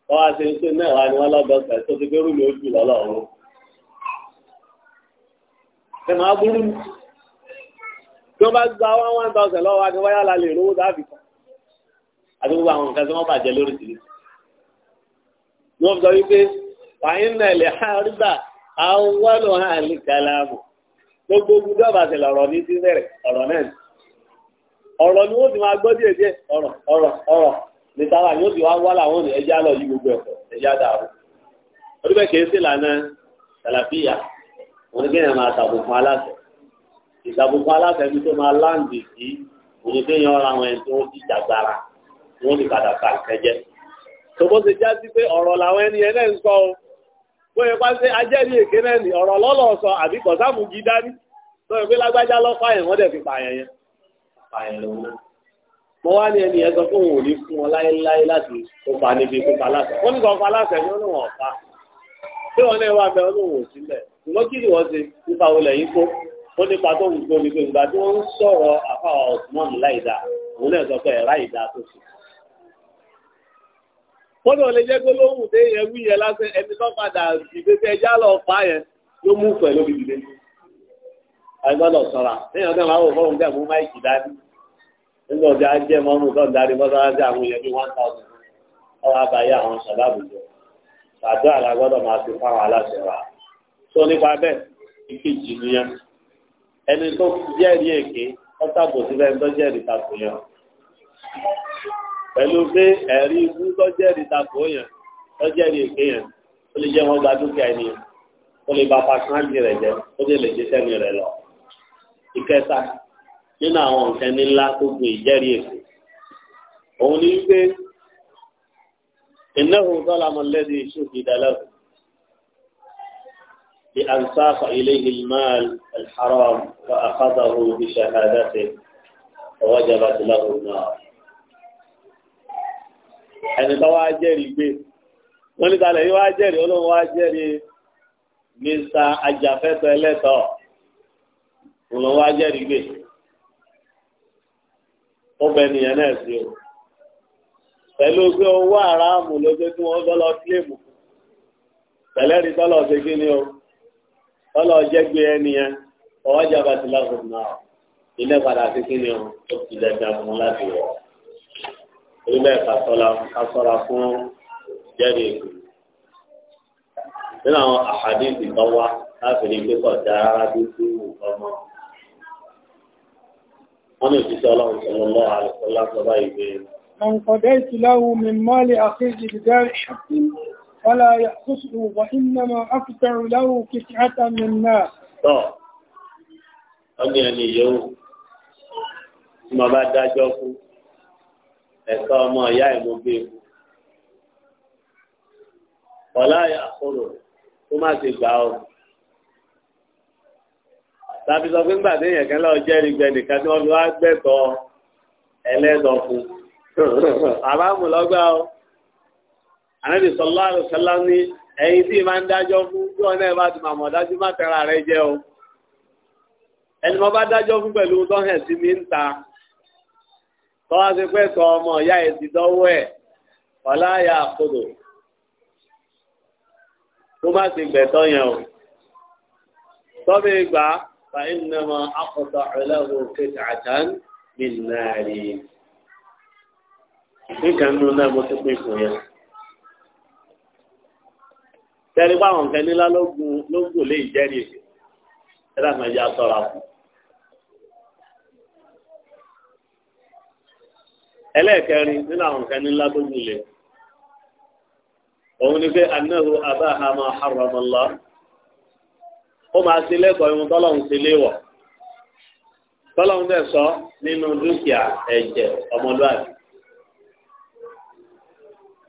wọ́n á ṣe iṣẹ́ náà wá ní wọ́n lọ́dọ̀ọ́sẹ̀ tó ti gbérù lójú lọ́lọ́run. ẹ máa burú ni tí wọ́n bá gba one one thousand lọ́wọ́ àti wáyà la lè rówó dáàbì kan àti gbogbo àwọn nǹkan tí wọ́n bàjẹ́ lórí ìdílé. ni wọ́n sọ wípé wàyín náà lè ha rígbà àwọn wọ́lọ̀ hàn lè kàlámù gbogbo gbogbo àbàtẹ̀ lọ̀rọ̀ ní ti bẹ̀rẹ̀ ọ̀rọ̀ náà ni. ọ̀rọ̀ ni wọ́n ti máa gbọ́ díẹ̀ díẹ̀ ọ̀rọ̀ ọ̀rọ̀ ọ̀rọ̀ ní sábà ni ó ti wá wá làwọn ò ẹja lọ yí gbogbo ẹ̀kọ́ ẹja dàrú. ọdún bẹ́ẹ̀ kì í sí ìlànà tàlàfíà òun ni kéèyàn máa tàbùkù aláṣẹ ìgbàgbogbo alábẹ́bí tó máa láǹdì sí òdòdó yan ara wọn ẹni tó ń ti jàgbára wọn ti padà ta ìkẹjẹ. tòbó ti já sí pé ọ̀rọ̀ làwọn ẹni yẹn ń sọ o bóyá pa ṣe ajẹ́rìí èké náà ni ọ̀rọ̀ lọ́lọ́ sọ àbí kọ̀sáàmù jí dání lóyún pé lágbájá lọ́ fààyàn wọ́n dẹ̀ fi pààyàn yẹn. pààyàn lòun náà. mo wá ní ẹni yẹn sọ fún òun ò ní fún wọn láéláé láti kópa níbi kópa láṣẹ. wọ́n ní kópa láṣẹ ni wọ́n ní wọn ọ̀pá. pé wọn náà wà bẹ́ẹ̀ wọ́n ní wọn ò ṣùgbọ́n kí ni wọ́n ṣe nípa olè yìí kó ó ní pàtó wù tó ní pé ìgbà tí wọ́n ń sọ̀rọ̀ àfàwà osmond láìda òun náà sọ pé ẹ̀rá ìdá tó sì. kódà ò lè jẹ́ pé lóhùn dé yẹn wí yẹn lásán ẹni tó padà dìde tẹ ẹjá lọ fà yẹn ló mú pẹ̀ lóbi dìde. àgbọ̀dọ̀ sọ̀ra níyàn náà máa wò fọ́ọ̀mù dẹ̀ mú máìkì dání. nígbà ọjà jẹ́ mọ́mú tó ń darí mọ́sálásí àwọn èèyàn bíi one thousand ọ̀rọ̀ ẹni tó jẹ́rìí èké ọ̀tàbò síbẹ̀ ń tọ́jẹ́rìí tako yẹn pẹ̀lú pé ẹ̀rí ikú tọ́jẹ́rìí tako yẹn tọ́jẹ́rìí èké yẹn ó lè jẹ́ wọn gba dúkìá ẹni yẹn ó lè ba pàṣánjì rẹ̀ jẹ́ ó lè lè jẹ́ sẹ́mi rẹ̀ lọ. ìkẹta nínú àwọn nǹkan ńlá tó gun ìjẹ́rìí èké òun ni wípé ìnáwó sọ́lá mọ́lẹ́dì ìṣòkè بأن ساق إليه المال الحرام فأخذه بشهادته فوجبت له النار ẹni tó wá jẹ́rìí gbé wọ́n ní kalẹ̀ yìí wá jẹ́rìí olóhùn wá jẹ́rìí mista ajafẹ́tọ̀ ẹlẹ́tọ̀ olóhùn wá jẹ́rìí gbé ó bẹ nìyẹn náà sí o pẹ̀lú pé owó àràmù ló dé tí wọ́n dọ́lọ́ kílèmù pẹ̀lẹ́rìí dọ́lọ́ ṣe kí ni o tọ́lọ̀ jẹ́gbé ẹni yẹn ọwọ́ jábà sí lágùn náà ilé padà sí kí ni ó ti lẹ́gbẹ̀ẹ́ fún láti wọ̀ orílẹ̀ kàtọ́lá kásọ́ra fún jẹ́rì èkó nínú àwọn àhàdìsì tó wá láti rí pé kọ̀ dá rárá bí kú ọmọ wọn ní òṣìṣẹ́ ọlọ́run sọ̀rọ̀ lọ́wọ́ àlùkò lásọ̀rọ̀ ìgbé. àǹkọ̀dẹ́ ìtìláwù mi mọ́lẹ̀ àkéjì dídá ìṣàkóso فلا يأخذه وإنما أفتع له كسعة من النار ọdún ẹni yòówù tí mo bá dájọ́ kú ẹ̀tọ́ ọmọ ìyá ìmú bí ikú ọ̀la àkóró kó má ti gbà ó tàbí sọ pé ńgbà tí èèyàn kan lọ jẹ́rìí gbẹ nìkan tí wọ́n fi wá gbẹ̀tọ̀ ẹlẹ́dọ̀ fún àbámu lọ́gbà ó ànábì sọlá àlùsọlá ní ẹ̀yin tí máa ń dájọ́ fún bí wọn náà bá ti màmọ dájú má tẹra rẹ jẹ o ẹni mo bá dájọ́ fún pẹ̀lú tó hàn sí mi ń ta tọ́wá sí pé tọ ọmọ ìyá ẹ̀ ti dánwó ẹ̀ ọláyà kodò kó má ti gbẹ̀tọ́ yẹn o tọ́bi gbà fa ìnàmọ akọ̀tọ̀ ẹlẹ́wọ̀n kejì àjàn mi nàárì nǹkan nínú náà mo ti pín fún yẹn tẹ́rí báwọn nǹkan nílá lógun lógun lè jẹ́rìí èdè ẹ̀dá kan yá sọ́ra fún. ẹlẹ́ẹ̀kẹrin nínú àwọn nǹkan nílá tó gúnlẹ̀ òun ni pé anáhu abáhàmà haramallah ó máa ṣe lẹ́kọ̀ọ́ ìwọ̀n tọ́lọ́hún ṣe léwọ̀ tọ́lọ́hún dẹ̀ sọ nínú dúkìá ẹ̀jẹ̀ ọmọlúwàbí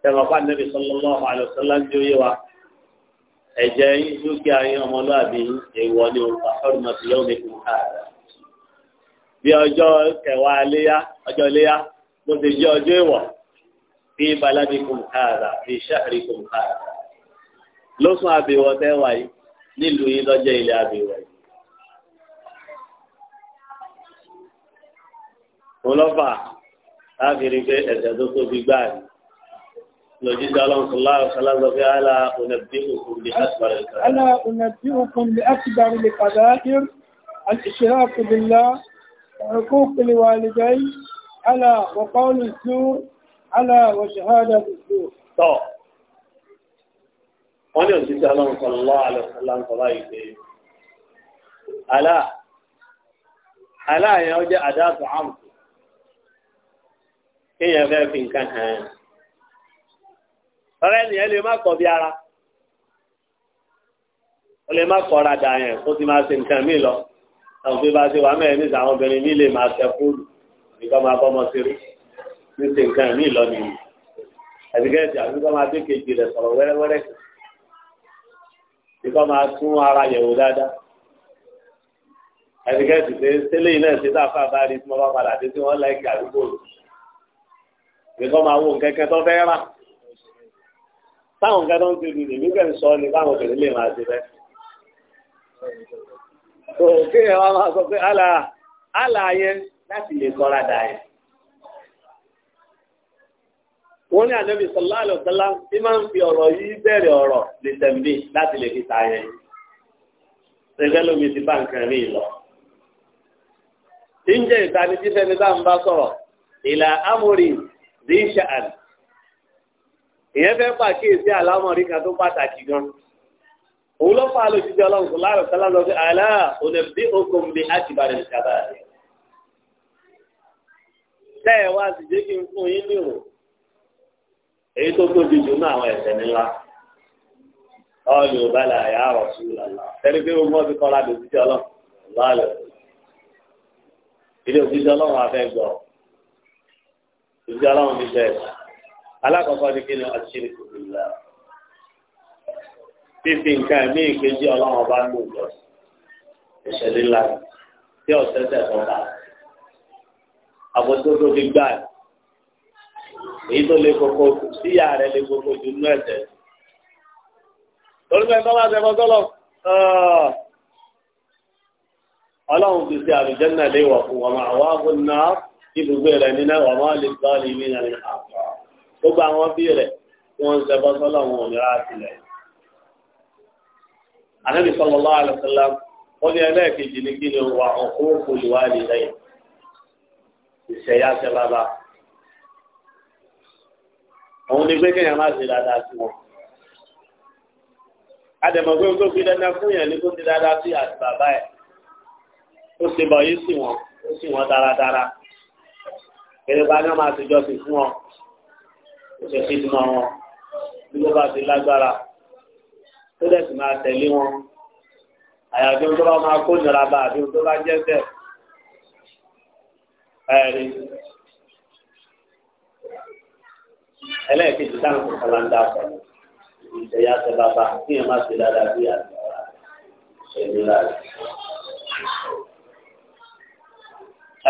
tẹ̀wọ̀pá nẹ́bí sallallahu alaihi wasallam ń di oyé wa. ẹ̀jẹ̀ yín dúkìá yín ọmọlúwàbí èèwọ̀ ni òun pàṣọ́rù náà ti yọ̀ nìkan ká. bí ọjọ́ kẹwàá léyà ọjọ́ léyà mo ti jẹ́ ọjọ́ ìwọ̀ bí baladi kùn káàdà bí sàárì kùn káàdà. lóṣùn àbẹ̀wọ̀ tẹ́ nílùú lọ́jọ́ ilé yìí. mo lọ́fà láti rí pé ẹ̀sẹ̀ tó tóbi gbáà ni. lòjíṣẹ́ aláwọ̀sọ́lá ọ̀sọ́lá sọ pé àlà ònàbíhùkùn lè akìbàrí lè kàdáyìr al-ishraku billah وعقوق الوالدين على وقول الزور على وشهادة الزور tọ́ wọ́n ní òṣìṣẹ́ ọlọ́run sallallahu alaihi wasallam ìpè alá aláàyàn ó jẹ́ àdáàtọ̀ àmù kéèyàn fẹ́ fi nǹkan hàn án ọ̀rẹ́ nìyẹn lè má kọ̀ bí ara ó lè má kọ̀ rada yẹn kó ti máa ṣe nǹkan mí lọ àwọn òfin bá ṣe wà mẹ́rin níta àwọn obìnrin mí lè máa ṣe fúlù nìkan máa bọ́mọ sírí ní ṣe nǹkan mí lọ nìyí àtìkẹ́tì àtìkọ́ máa dé kejì rẹ̀ sọ̀rọ̀ wẹ́rẹ́wẹ́rẹ́ nìkan máa tún ara yẹ̀wò dáadáa àtìkẹ́tì pé tẹ́lẹ̀ yìí náà ṣe tá a fà bá rí tí wọ́n bá padà dé tí wọ́n láì kí àdúgbò nìkan máa wo nǹkan táwọn nǹkan tó ń tẹ̀lé lèmi kẹ́ ń sọ ni báwọn obìnrin lè máa ṣe bẹ́ẹ̀. tó kí ẹ wá máa sọ pé àlà àlà yẹn láti lè sọ́ra dà yẹn. wọ́n ní ànábì sallallahu alaihi wasallam tí máa ń fi ọ̀rọ̀ yìí bẹ̀rẹ̀ ọ̀rọ̀ lè tẹ̀m̀bì láti lè fi ta yẹn. lómi ti bá nǹkan rí lọ. ìjẹ́ ìtanijí fẹ́ni bá ń bá sọ̀rọ̀ ìlà amúrin rí ṣàánì èyàn fẹ́ pàkíyèsí àlámọ̀rí kan tó pàtàkì gan òun ló fà á lójijì ọlọ́run kò láàrọ̀ sálá lọ sí àlá ònàbí okòm lè àtìbàrẹ̀ ìjàmbá rẹ̀. tẹ́ẹ̀ wá sì jẹ́ kí n fún yín nírò èyí tó tóbi jù ní àwọn ẹ̀ṣẹ̀ ńlá ọ̀ọ́lù ọ̀bálà àyà àrọ̀ sí ìlànà tẹ́lẹ̀ pé ogun ọ̀bí kọ́ra lójijì ọlọ́run lọ́ọ̀lù ilé òjijì ọlọ́run ọlọ́run alákọ̀ọ́kọ́ ni kí ni àṣírìkù nílá fífi nǹkan ẹ̀mí ìkejì ọlọ́run ọba ló jọ ìṣẹ̀lẹ̀ ńlá tí ọ̀sẹ̀sẹ̀ tó bá àbótótó fi gbà èyí tó lé koko síyà rẹ̀ lé koko jù nú ẹ̀sẹ̀ torí bẹ́ẹ̀ tó bá tẹ̀ fọ́ sọ́lọ́ ọlọ́run ti ṣe àlùjànnà léwọ̀ fún wọn àwọn àbúnà ibùgbé rẹ̀ nínú wọn máa lè gbá ní ìmí náà ní àpá gbogbo àwọn bí rẹ̀ wọ́n ń sẹ́bọ́ sọ́lọ̀ wọn ò ní rà sílẹ̀. ànábì sallallahu alaihi wasallam wọ́n ní ẹlẹ́ẹ̀kejì ní kí ni wà ọ̀kọ́ olùwádìí lẹ́yìn ìṣẹ̀yà ṣe bàbá. òun ni pé kéèyàn má ṣe dáadáa sí wọn. àdèmọ̀gbé tó fi dandan fún yẹn ní tó ti dáadáa sí àti bàbá ẹ̀ ó ṣe bọ̀ yìí sí wọn ó sì wọn dáradára. èrè bá ní wọn máa ṣèjọ́sìn fún wọn ó ṣe ṣe dùnmọ́ wọn bí wọ́n bá ti lágbára tó dẹ̀ sì máa tẹ̀lé wọn àyàfi ohun tó bá máa kó nira bá àbí ohun tó bá jẹ́ bẹ́ẹ̀ ẹ̀rí ẹlẹ́ẹ̀kejì táwọn kò kọ́lá ń dá pẹ̀lú ìṣẹ̀yà tẹ bàbá kí ẹ má ṣe dáadáa bí àti ọ̀rá ẹ̀mí láàrín.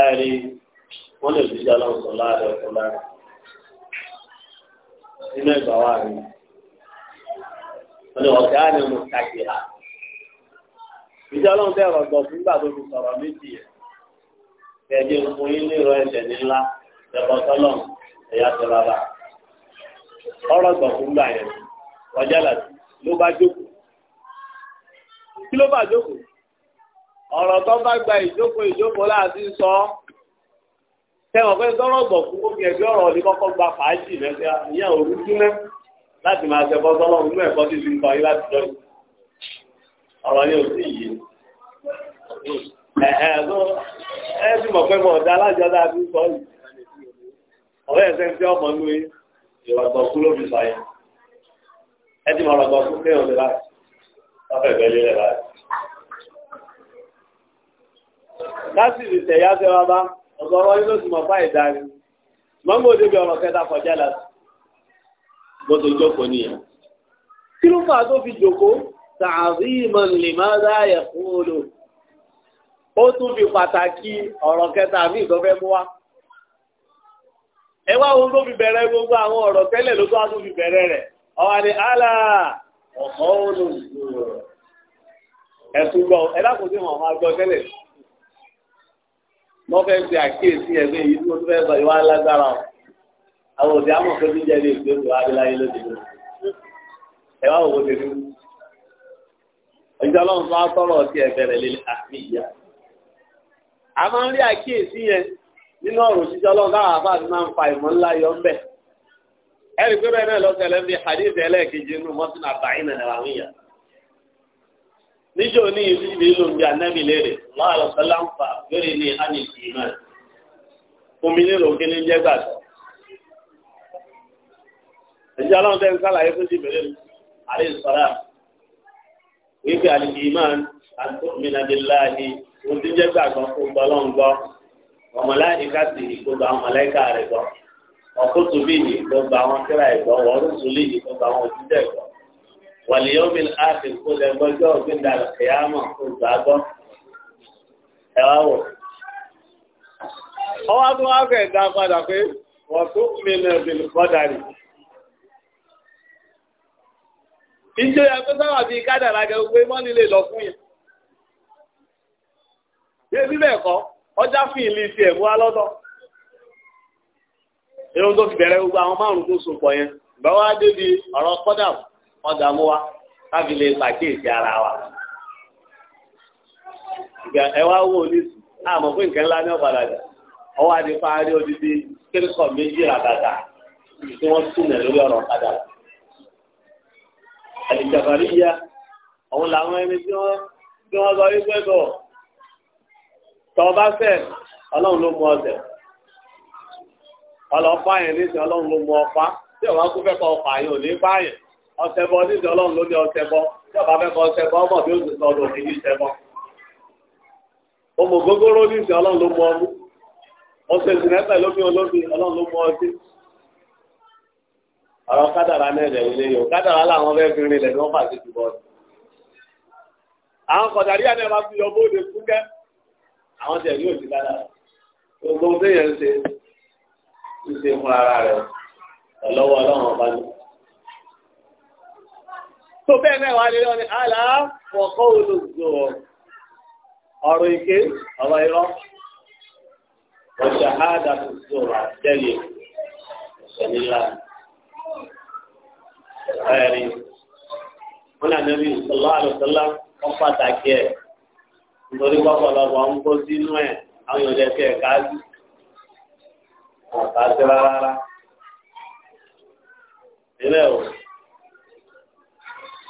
ẹ̀rí wọ́n lè fi jẹ́ ọlọ́run sọ ọ̀sán láàrín nínú ìgbà wa rí wọn ni ọ̀gá ni mo kàkì ha ìjọ ọlọ́run tẹ ọ̀rọ̀ gbọ̀n fúngbà tó fi sọ̀rọ̀ méjì yẹn kẹ̀dí fún yín ní ìrọ̀ ẹ̀jẹ̀ nílá ẹ̀kọ́ sọ́lọ̀ ẹ̀yà tó rárá ọ̀rọ̀ gbọ̀n fúngbà yẹn ọjà làtí ló bá jókòó kí ló bá jókòó ọ̀rọ̀ tó bá gba ìjókòó ìjókòó láti sọ ọ́ tẹwọn pé dọ́rọ̀gbọ̀ fún omi ẹ̀gbẹ́ ọ̀rọ̀ ọ̀lẹ́ kọ́kọ́ gba fàájì lẹ́sẹ̀ ìyá òru dúnlẹ̀ láti máa ṣe bọ́ sọ́lọ́ nínú ẹ̀kọ́ tí ti ń kọ́ láti jọ yìí ọ̀rọ̀ yẹn ò sí yìí ẹ̀hẹ́ ló pé mo ọ̀dà alájọ dáa fi sọ yìí ọ̀rẹ́ ẹ̀sẹ̀ ń fi ọmọ inú yìí ìrọ̀gbọ̀ fún ló fi sọ yẹn ẹ ti mọ̀ ọ̀rọ̀gbọ̀ fún kéèyàn lè láti lásìkò ọ̀gọ̀rọ̀ yìí ló sì mọ̀ fáì dárí mọ́mú òdebí ọ̀rọ̀ kẹta kọjá la bó ti jókòó nìyẹn. kí ló fà tó fi jókòó ta'ziman limadha yaqulu ó tún fi pàtàkì ọ̀rọ̀ kẹta mí ìtọ́fẹ́ mú wa. ẹ wá ohun tó fi bẹ̀rẹ̀ gbogbo àwọn ọ̀rọ̀ tẹ́lẹ̀ ló tó wá tó fi bẹ̀rẹ̀ rẹ̀ ọ̀wá ni àlà ọ̀kọ́ òun ló ń gbòòrò ẹ̀ tún gbọ́ ẹ dákun sí wọn máa gbọ́ tẹ́lẹ̀ wọ́n fẹ́ fi àkíyèsí ẹgbẹ́ yìí tó fẹ́ sọ ìwà alágbára o àwọn àmọ̀ lóde ẹ wá òwò ìjọ ọtí àfi ìyá a máa ń rí àkíyèsí yẹn nínú ọ̀rọ̀ òṣìṣẹ́ ọlọ́run táwọn àbá ti máa ń fa ìmọ̀ ńlá yọ ńbẹ̀ níjọ́ ní ìsìnkú ìlú ní anábì léèrè láàrọ̀ sálàǹfà lórí ní anìkì ìmọ̀ omi nílò kí ní jẹ́ gbàgbọ́. ẹ̀jẹ̀ aláwọ̀ tẹ́ ń sálàyé fún jìbìrì àrí ìsọ̀rà wípé anìkì ìmọ̀ àtúnmínàdínláàdì ó ti jẹ́ gbàgbọ́ fún gbọ́lọ́ngbọ́ ọmọláyìíká sì gbogbo àwọn mọ̀lẹ́kà rẹ̀ gbọ́ ọkùnrin bíi gbogbo àwọn kíra ẹ̀gbọ́ wọ́n rúṣùlì gbogbo àwọn òṣìṣẹ́ ẹ̀gbọ́ wàlíyọ́mìn áàtì kó lẹ́gbọ́jọ́ ògbìndà kìyàmọ̀ oṣù àgọ́ ẹ̀wà wò. ọwọ́ tó wá fẹ́ dá padà pé wọ́n tó mìíràn bìlù kọ́dà rí. ìjọ yà tó sábà bíi kádàrá gẹ gbé mọ́ni lè lọ fún yẹn. yé bíbẹ̀ kọ́ ọjà fún ìlú ti ẹ̀mú wa lọ́dọ̀. irun tó fi bẹ̀rẹ̀ gbogbo àwọn márùn-ún tó so pọ̀ yẹn ìbáwá débi ọ̀rọ̀ kọ́dà fún. ọ̀dà mú wa káfí lè ara wa. ìgbà ẹ wá ní àmọ́ nǹkan ńlá ní ọ̀padà ọwọ́ adé parí odidi kíríkọ̀ méjì tí wọ́n túnẹ̀ lórí ọ̀rọ̀ padà. yá làwọn ẹni tí wọ́n tí wọ́n lọ rí pẹ́tọ̀ tọ́ba fẹ́ ọlọ́run ló mú ọlọ́pàá yẹn ní ọlọ́run ló mú tí ọ̀sẹ̀bọ nídìí ọlọ́run ló ní ọ̀sẹ̀bọ tí ọba fẹ́kọ̀ ọmọ bí ó sì sọ ọdún ní ìṣẹ́bọ. ọmọ gógóró nídìí ọlọ́run ló mú ọmú ọ̀sẹ̀ ìsìnẹ́fẹ̀ lómi olómi ọlọ́run ló mú ọtí. ọ̀rọ̀ kádàrá náà lẹ̀ ilé yìí kádàrá làwọn fẹ́ fi rinlẹ̀ ní wọ́n fà sí ti bọ́ọ̀lù. àwọn kọ̀dàrí àná máa fi ọbọ̀ òde fúnkẹ́ àwọn tẹ̀ ní òsì kádàrá gbogbo ń tó bẹ́ẹ̀ mẹ́wàá lè lọ ní àlá ọ̀rọ̀ ike ọ̀rọ̀ irọ́ ọ̀ṣà àdàtúntò àtẹ́lẹ̀ ìṣẹ̀lélá ẹ̀rí wọn là níbi ìṣọlá wọn pàtàkì ẹ̀ nítorí ń kó sínú ẹ̀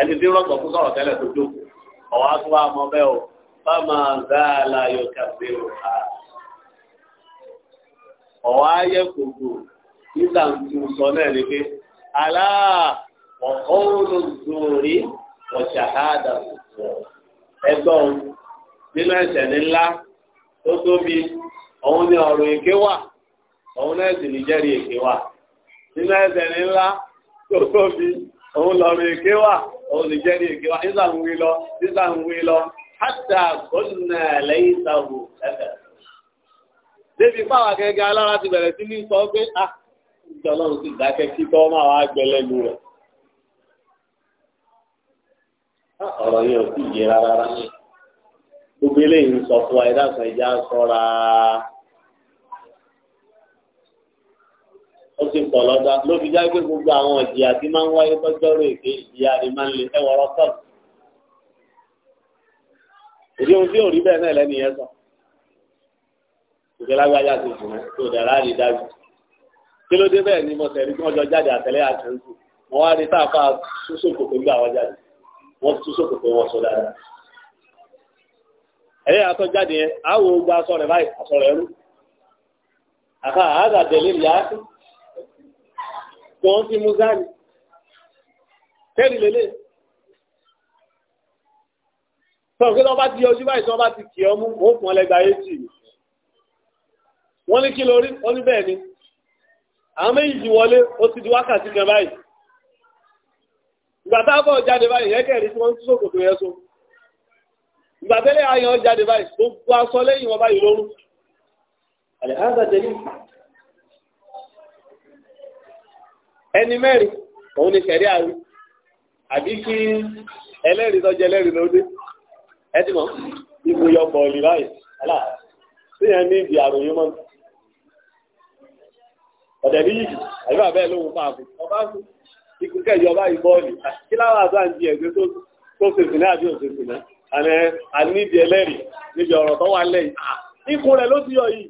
ẹni tí rọ̀tọ̀ fún sọ̀rọ̀ tẹ́lẹ̀ tó jó ọ̀wá tó wá mọ bẹ́ẹ̀ o bá máa dá aláyọ̀ kàfé o ha ọ̀wá ayẹ kòkò nígbà tí mo sọ náà ni pé alá ọ̀kọ́ olóòórí ọ̀ṣàhádà ẹgbọ́n nínú ẹ̀ṣẹ̀ ńlá tó tóbi òun ni ọ̀rọ̀ èké wà òun náà sì ní jẹ́rìí èké wà nínú ẹ̀ṣẹ̀ ńlá tó tóbi òun lọ̀rọ̀ èké wà òun ní jẹ́rì èké wa nígbà ń wí lọ nígbà ń wí lọ hátà gbọ́nà lẹ́yìn ìtàwò ẹ̀fẹ̀. débi fáwọn akẹ́kẹ́ alára ti bẹ̀rẹ̀ sí ní sọ pé a ah, ìjọ náà sì dákẹ́ kí tọ́ máa wá gbẹ lẹ́nu rẹ̀. Ah, ọ̀rọ̀ yẹn ò sì yé rárá gbogbo eléyìí sọ fún wa ẹ dákun sọ́ra. ó sì pọ̀ lọ́dá ló fi já pé gbogbo àwọn ìjìyà tí máa ń wáyé tọ́jọ́rò èké ìjìyà rẹ̀ máa ń lè ẹwọ̀rọ̀ sọ̀rọ̀. èdè ohun tí ò rí bẹ́ẹ̀ náà lẹ́nu yẹn sọ. ìṣẹ̀lẹ̀ agbájá ti sùn tó dàrá rí dájú. kí ló dé bẹ́ẹ̀ ni mo tẹ̀lé tí wọ́n jọ jáde àtẹ̀lé àtẹ̀ǹtù mo wá rí táàpá túnṣòkòtò gbà wọ́n jáde wọ́n túnṣòkòtò wọn sọ dáadáa. ẹ̀yẹ́ wọ́n fi mú záàlì kẹ́rì lélẹ̀ sọ̀rọ̀ pé lọ́ba ti ojú báyìí tí wọ́n bá ti kì ọ́ mú ó pọn lẹ́gbà éjì wọ́n ní kí lórí ó ní bẹ́ẹ̀ ni àwọn méjì ti wọlé ó ti di wákàtí kan báyìí ìgbà tábọ̀ jáde báyìí yẹn kẹ́rì tí wọ́n ń tún sòkòtò yẹn so ìgbà tẹ́lẹ̀ ayọ̀ jáde báyìí gbogbo aṣọ lẹ́yìn wọn báyìí lórú àlẹ́ ẹni mẹ́rin òun ni kẹ̀rí àrí àbí kí ẹlẹ́rìí lọ́jọ́ ẹlẹ́rìí ló dé ẹtì mọ́ ipò yọpọ̀ òlì báyìí alá síyẹn ní ìdí àròyìn mọ́ ọ̀dẹ̀ ní yìí àbí bàbá ẹ̀ lóhun fáàfù ọba fún ikú kẹ̀yọ ọba ìbọ́ọ̀lì kí láwọn àgbà ń di ẹ̀gbẹ́ tó fèsì náà àbí òfèsì náà àní ìdí ẹlẹ́rìí níbi ọ̀rọ̀ tó wà lẹ́yìn ikú rẹ̀ ló ti yọ yìí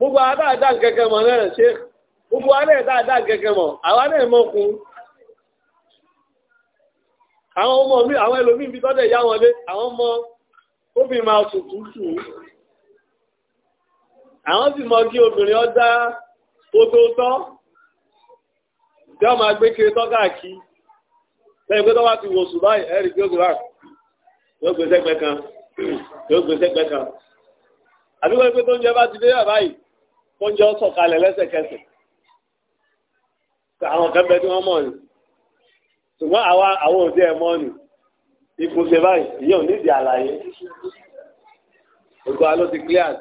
gbogbo adáadá kẹkẹ mọ̀ náà ṣe gbogbo adáadá kẹkẹ mọ̀ àwa náà mọ́kun àwọn ọmọ mi àwọn ẹlòmí ibi tọ́dẹ̀ yá wọn lé àwọn ọmọ obìnrin máa sùtútù àwọn sì mọ kí obìnrin ọdá tótótọ́ tí wọ́n máa gbé kiri tọ́ káàkiri lẹ́yìn pé tó bá ti wò sùn báyìí ẹ̀rì tí ó gbé báyìí yóò gbé sẹ́gbẹ́ kan yóò gbé sẹ́gbẹ́ kan àbí wọ́n pé tó ń jẹ bá ti dé yà kóúnjẹ ọ̀sọ̀ kalẹ̀ lẹ́sẹ̀kẹsẹ̀ àwọn kan bẹ tí wọ́n mọ̀ ni ṣùgbọ́n àwa àwọn òde ẹ̀ mọ́ ni ipò ṣe báyìí ìyẹn ò nídìí àlàyé ògbà ló ti clear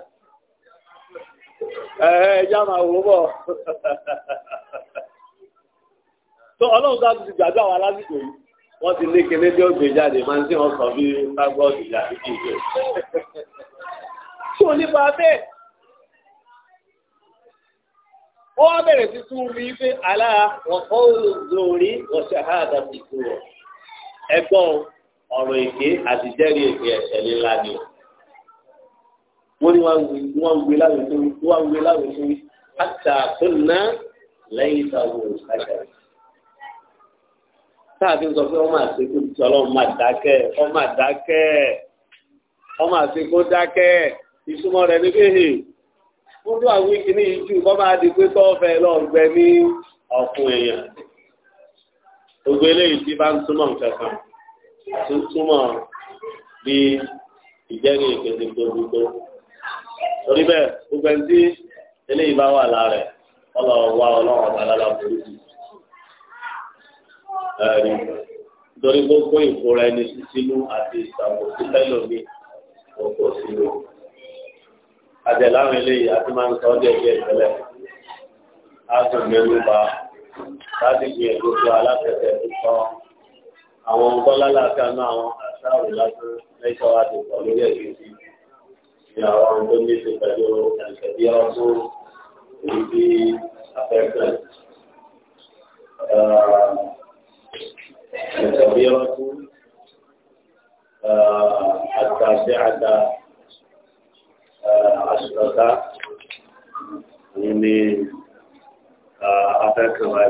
ẹ ẹ já máa wò ó bọ̀ tó ọlọ́run ká ti gbàgbọ́ àwọn alásìkò yìí wọ́n ti lé kele tí ó gbé jáde máa ń tí wọ́n sọ bí jáde kí ìgbé. tó nípa bẹ́ẹ̀ ó wá bẹ̀rẹ̀ sí tún wí pé alá ọ̀pọ̀ lórí ọ̀sẹ̀ àádọ́ ti kú rẹ̀ ẹgbọ́n ọ̀rọ̀ èké àtijẹ́rì èké ẹ̀ṣẹ̀ líla ni o wọ́n ní wọ́n ń gbé láwùjọ tó wí wọ́n ń gbé láwùjọ tó wí àtà tó ná lẹ́yìn ìtàwọn òṣìṣẹ́ sáàbí sọ pé ọmọ àṣekú ti ọlọ́run máa dákẹ́ ọmọ àdákẹ́ ọmọ àṣekú dákẹ́ ìsúmọ́ rẹ̀ ní kéhìn fúdù àwọn ìkíní ìjù kọ́ máa di pé kọ́ fẹ́ lọ gbẹ ní ọ̀fun èèyàn gbogbo eléyìí tí bá ń túmọ̀ nǹkan kan tó ń túmọ̀ bí ìjẹ́ni ìpèsè gbogbo torí bẹ́ẹ̀ gbogbo ẹni tí eléyìí bá wà lára ẹ̀ ọlọ wa ọlọ́run ọba lára burúkú ẹni nítorí gbogbo ìfura ẹni sínú àti ìsàwọ̀ sílẹ̀ lómi ọkọ̀ sínú àjẹ̀láwọn eléyìí àti máa ń sọ ọdẹ ẹgbẹ́ ìtẹ́lẹ̀ láàtún mẹ́lú bá láti gbìyànjú tó aláfẹ́fẹ́ tó sọ àwọn bọ́lá láti àná àwọn àṣàrò lásán lẹ́sọ̀ láti pọ̀ lórí ẹ̀sìn sí ní àwọn ohun tó ní ṣe pẹ̀lú ẹ̀sẹ̀bí ọdún èyí tí afẹ́fẹ́ ẹ̀sẹ̀bí ọdún àtàṣe àtàṣe àṣùgbọ́ta ní afẹ́kànwáyé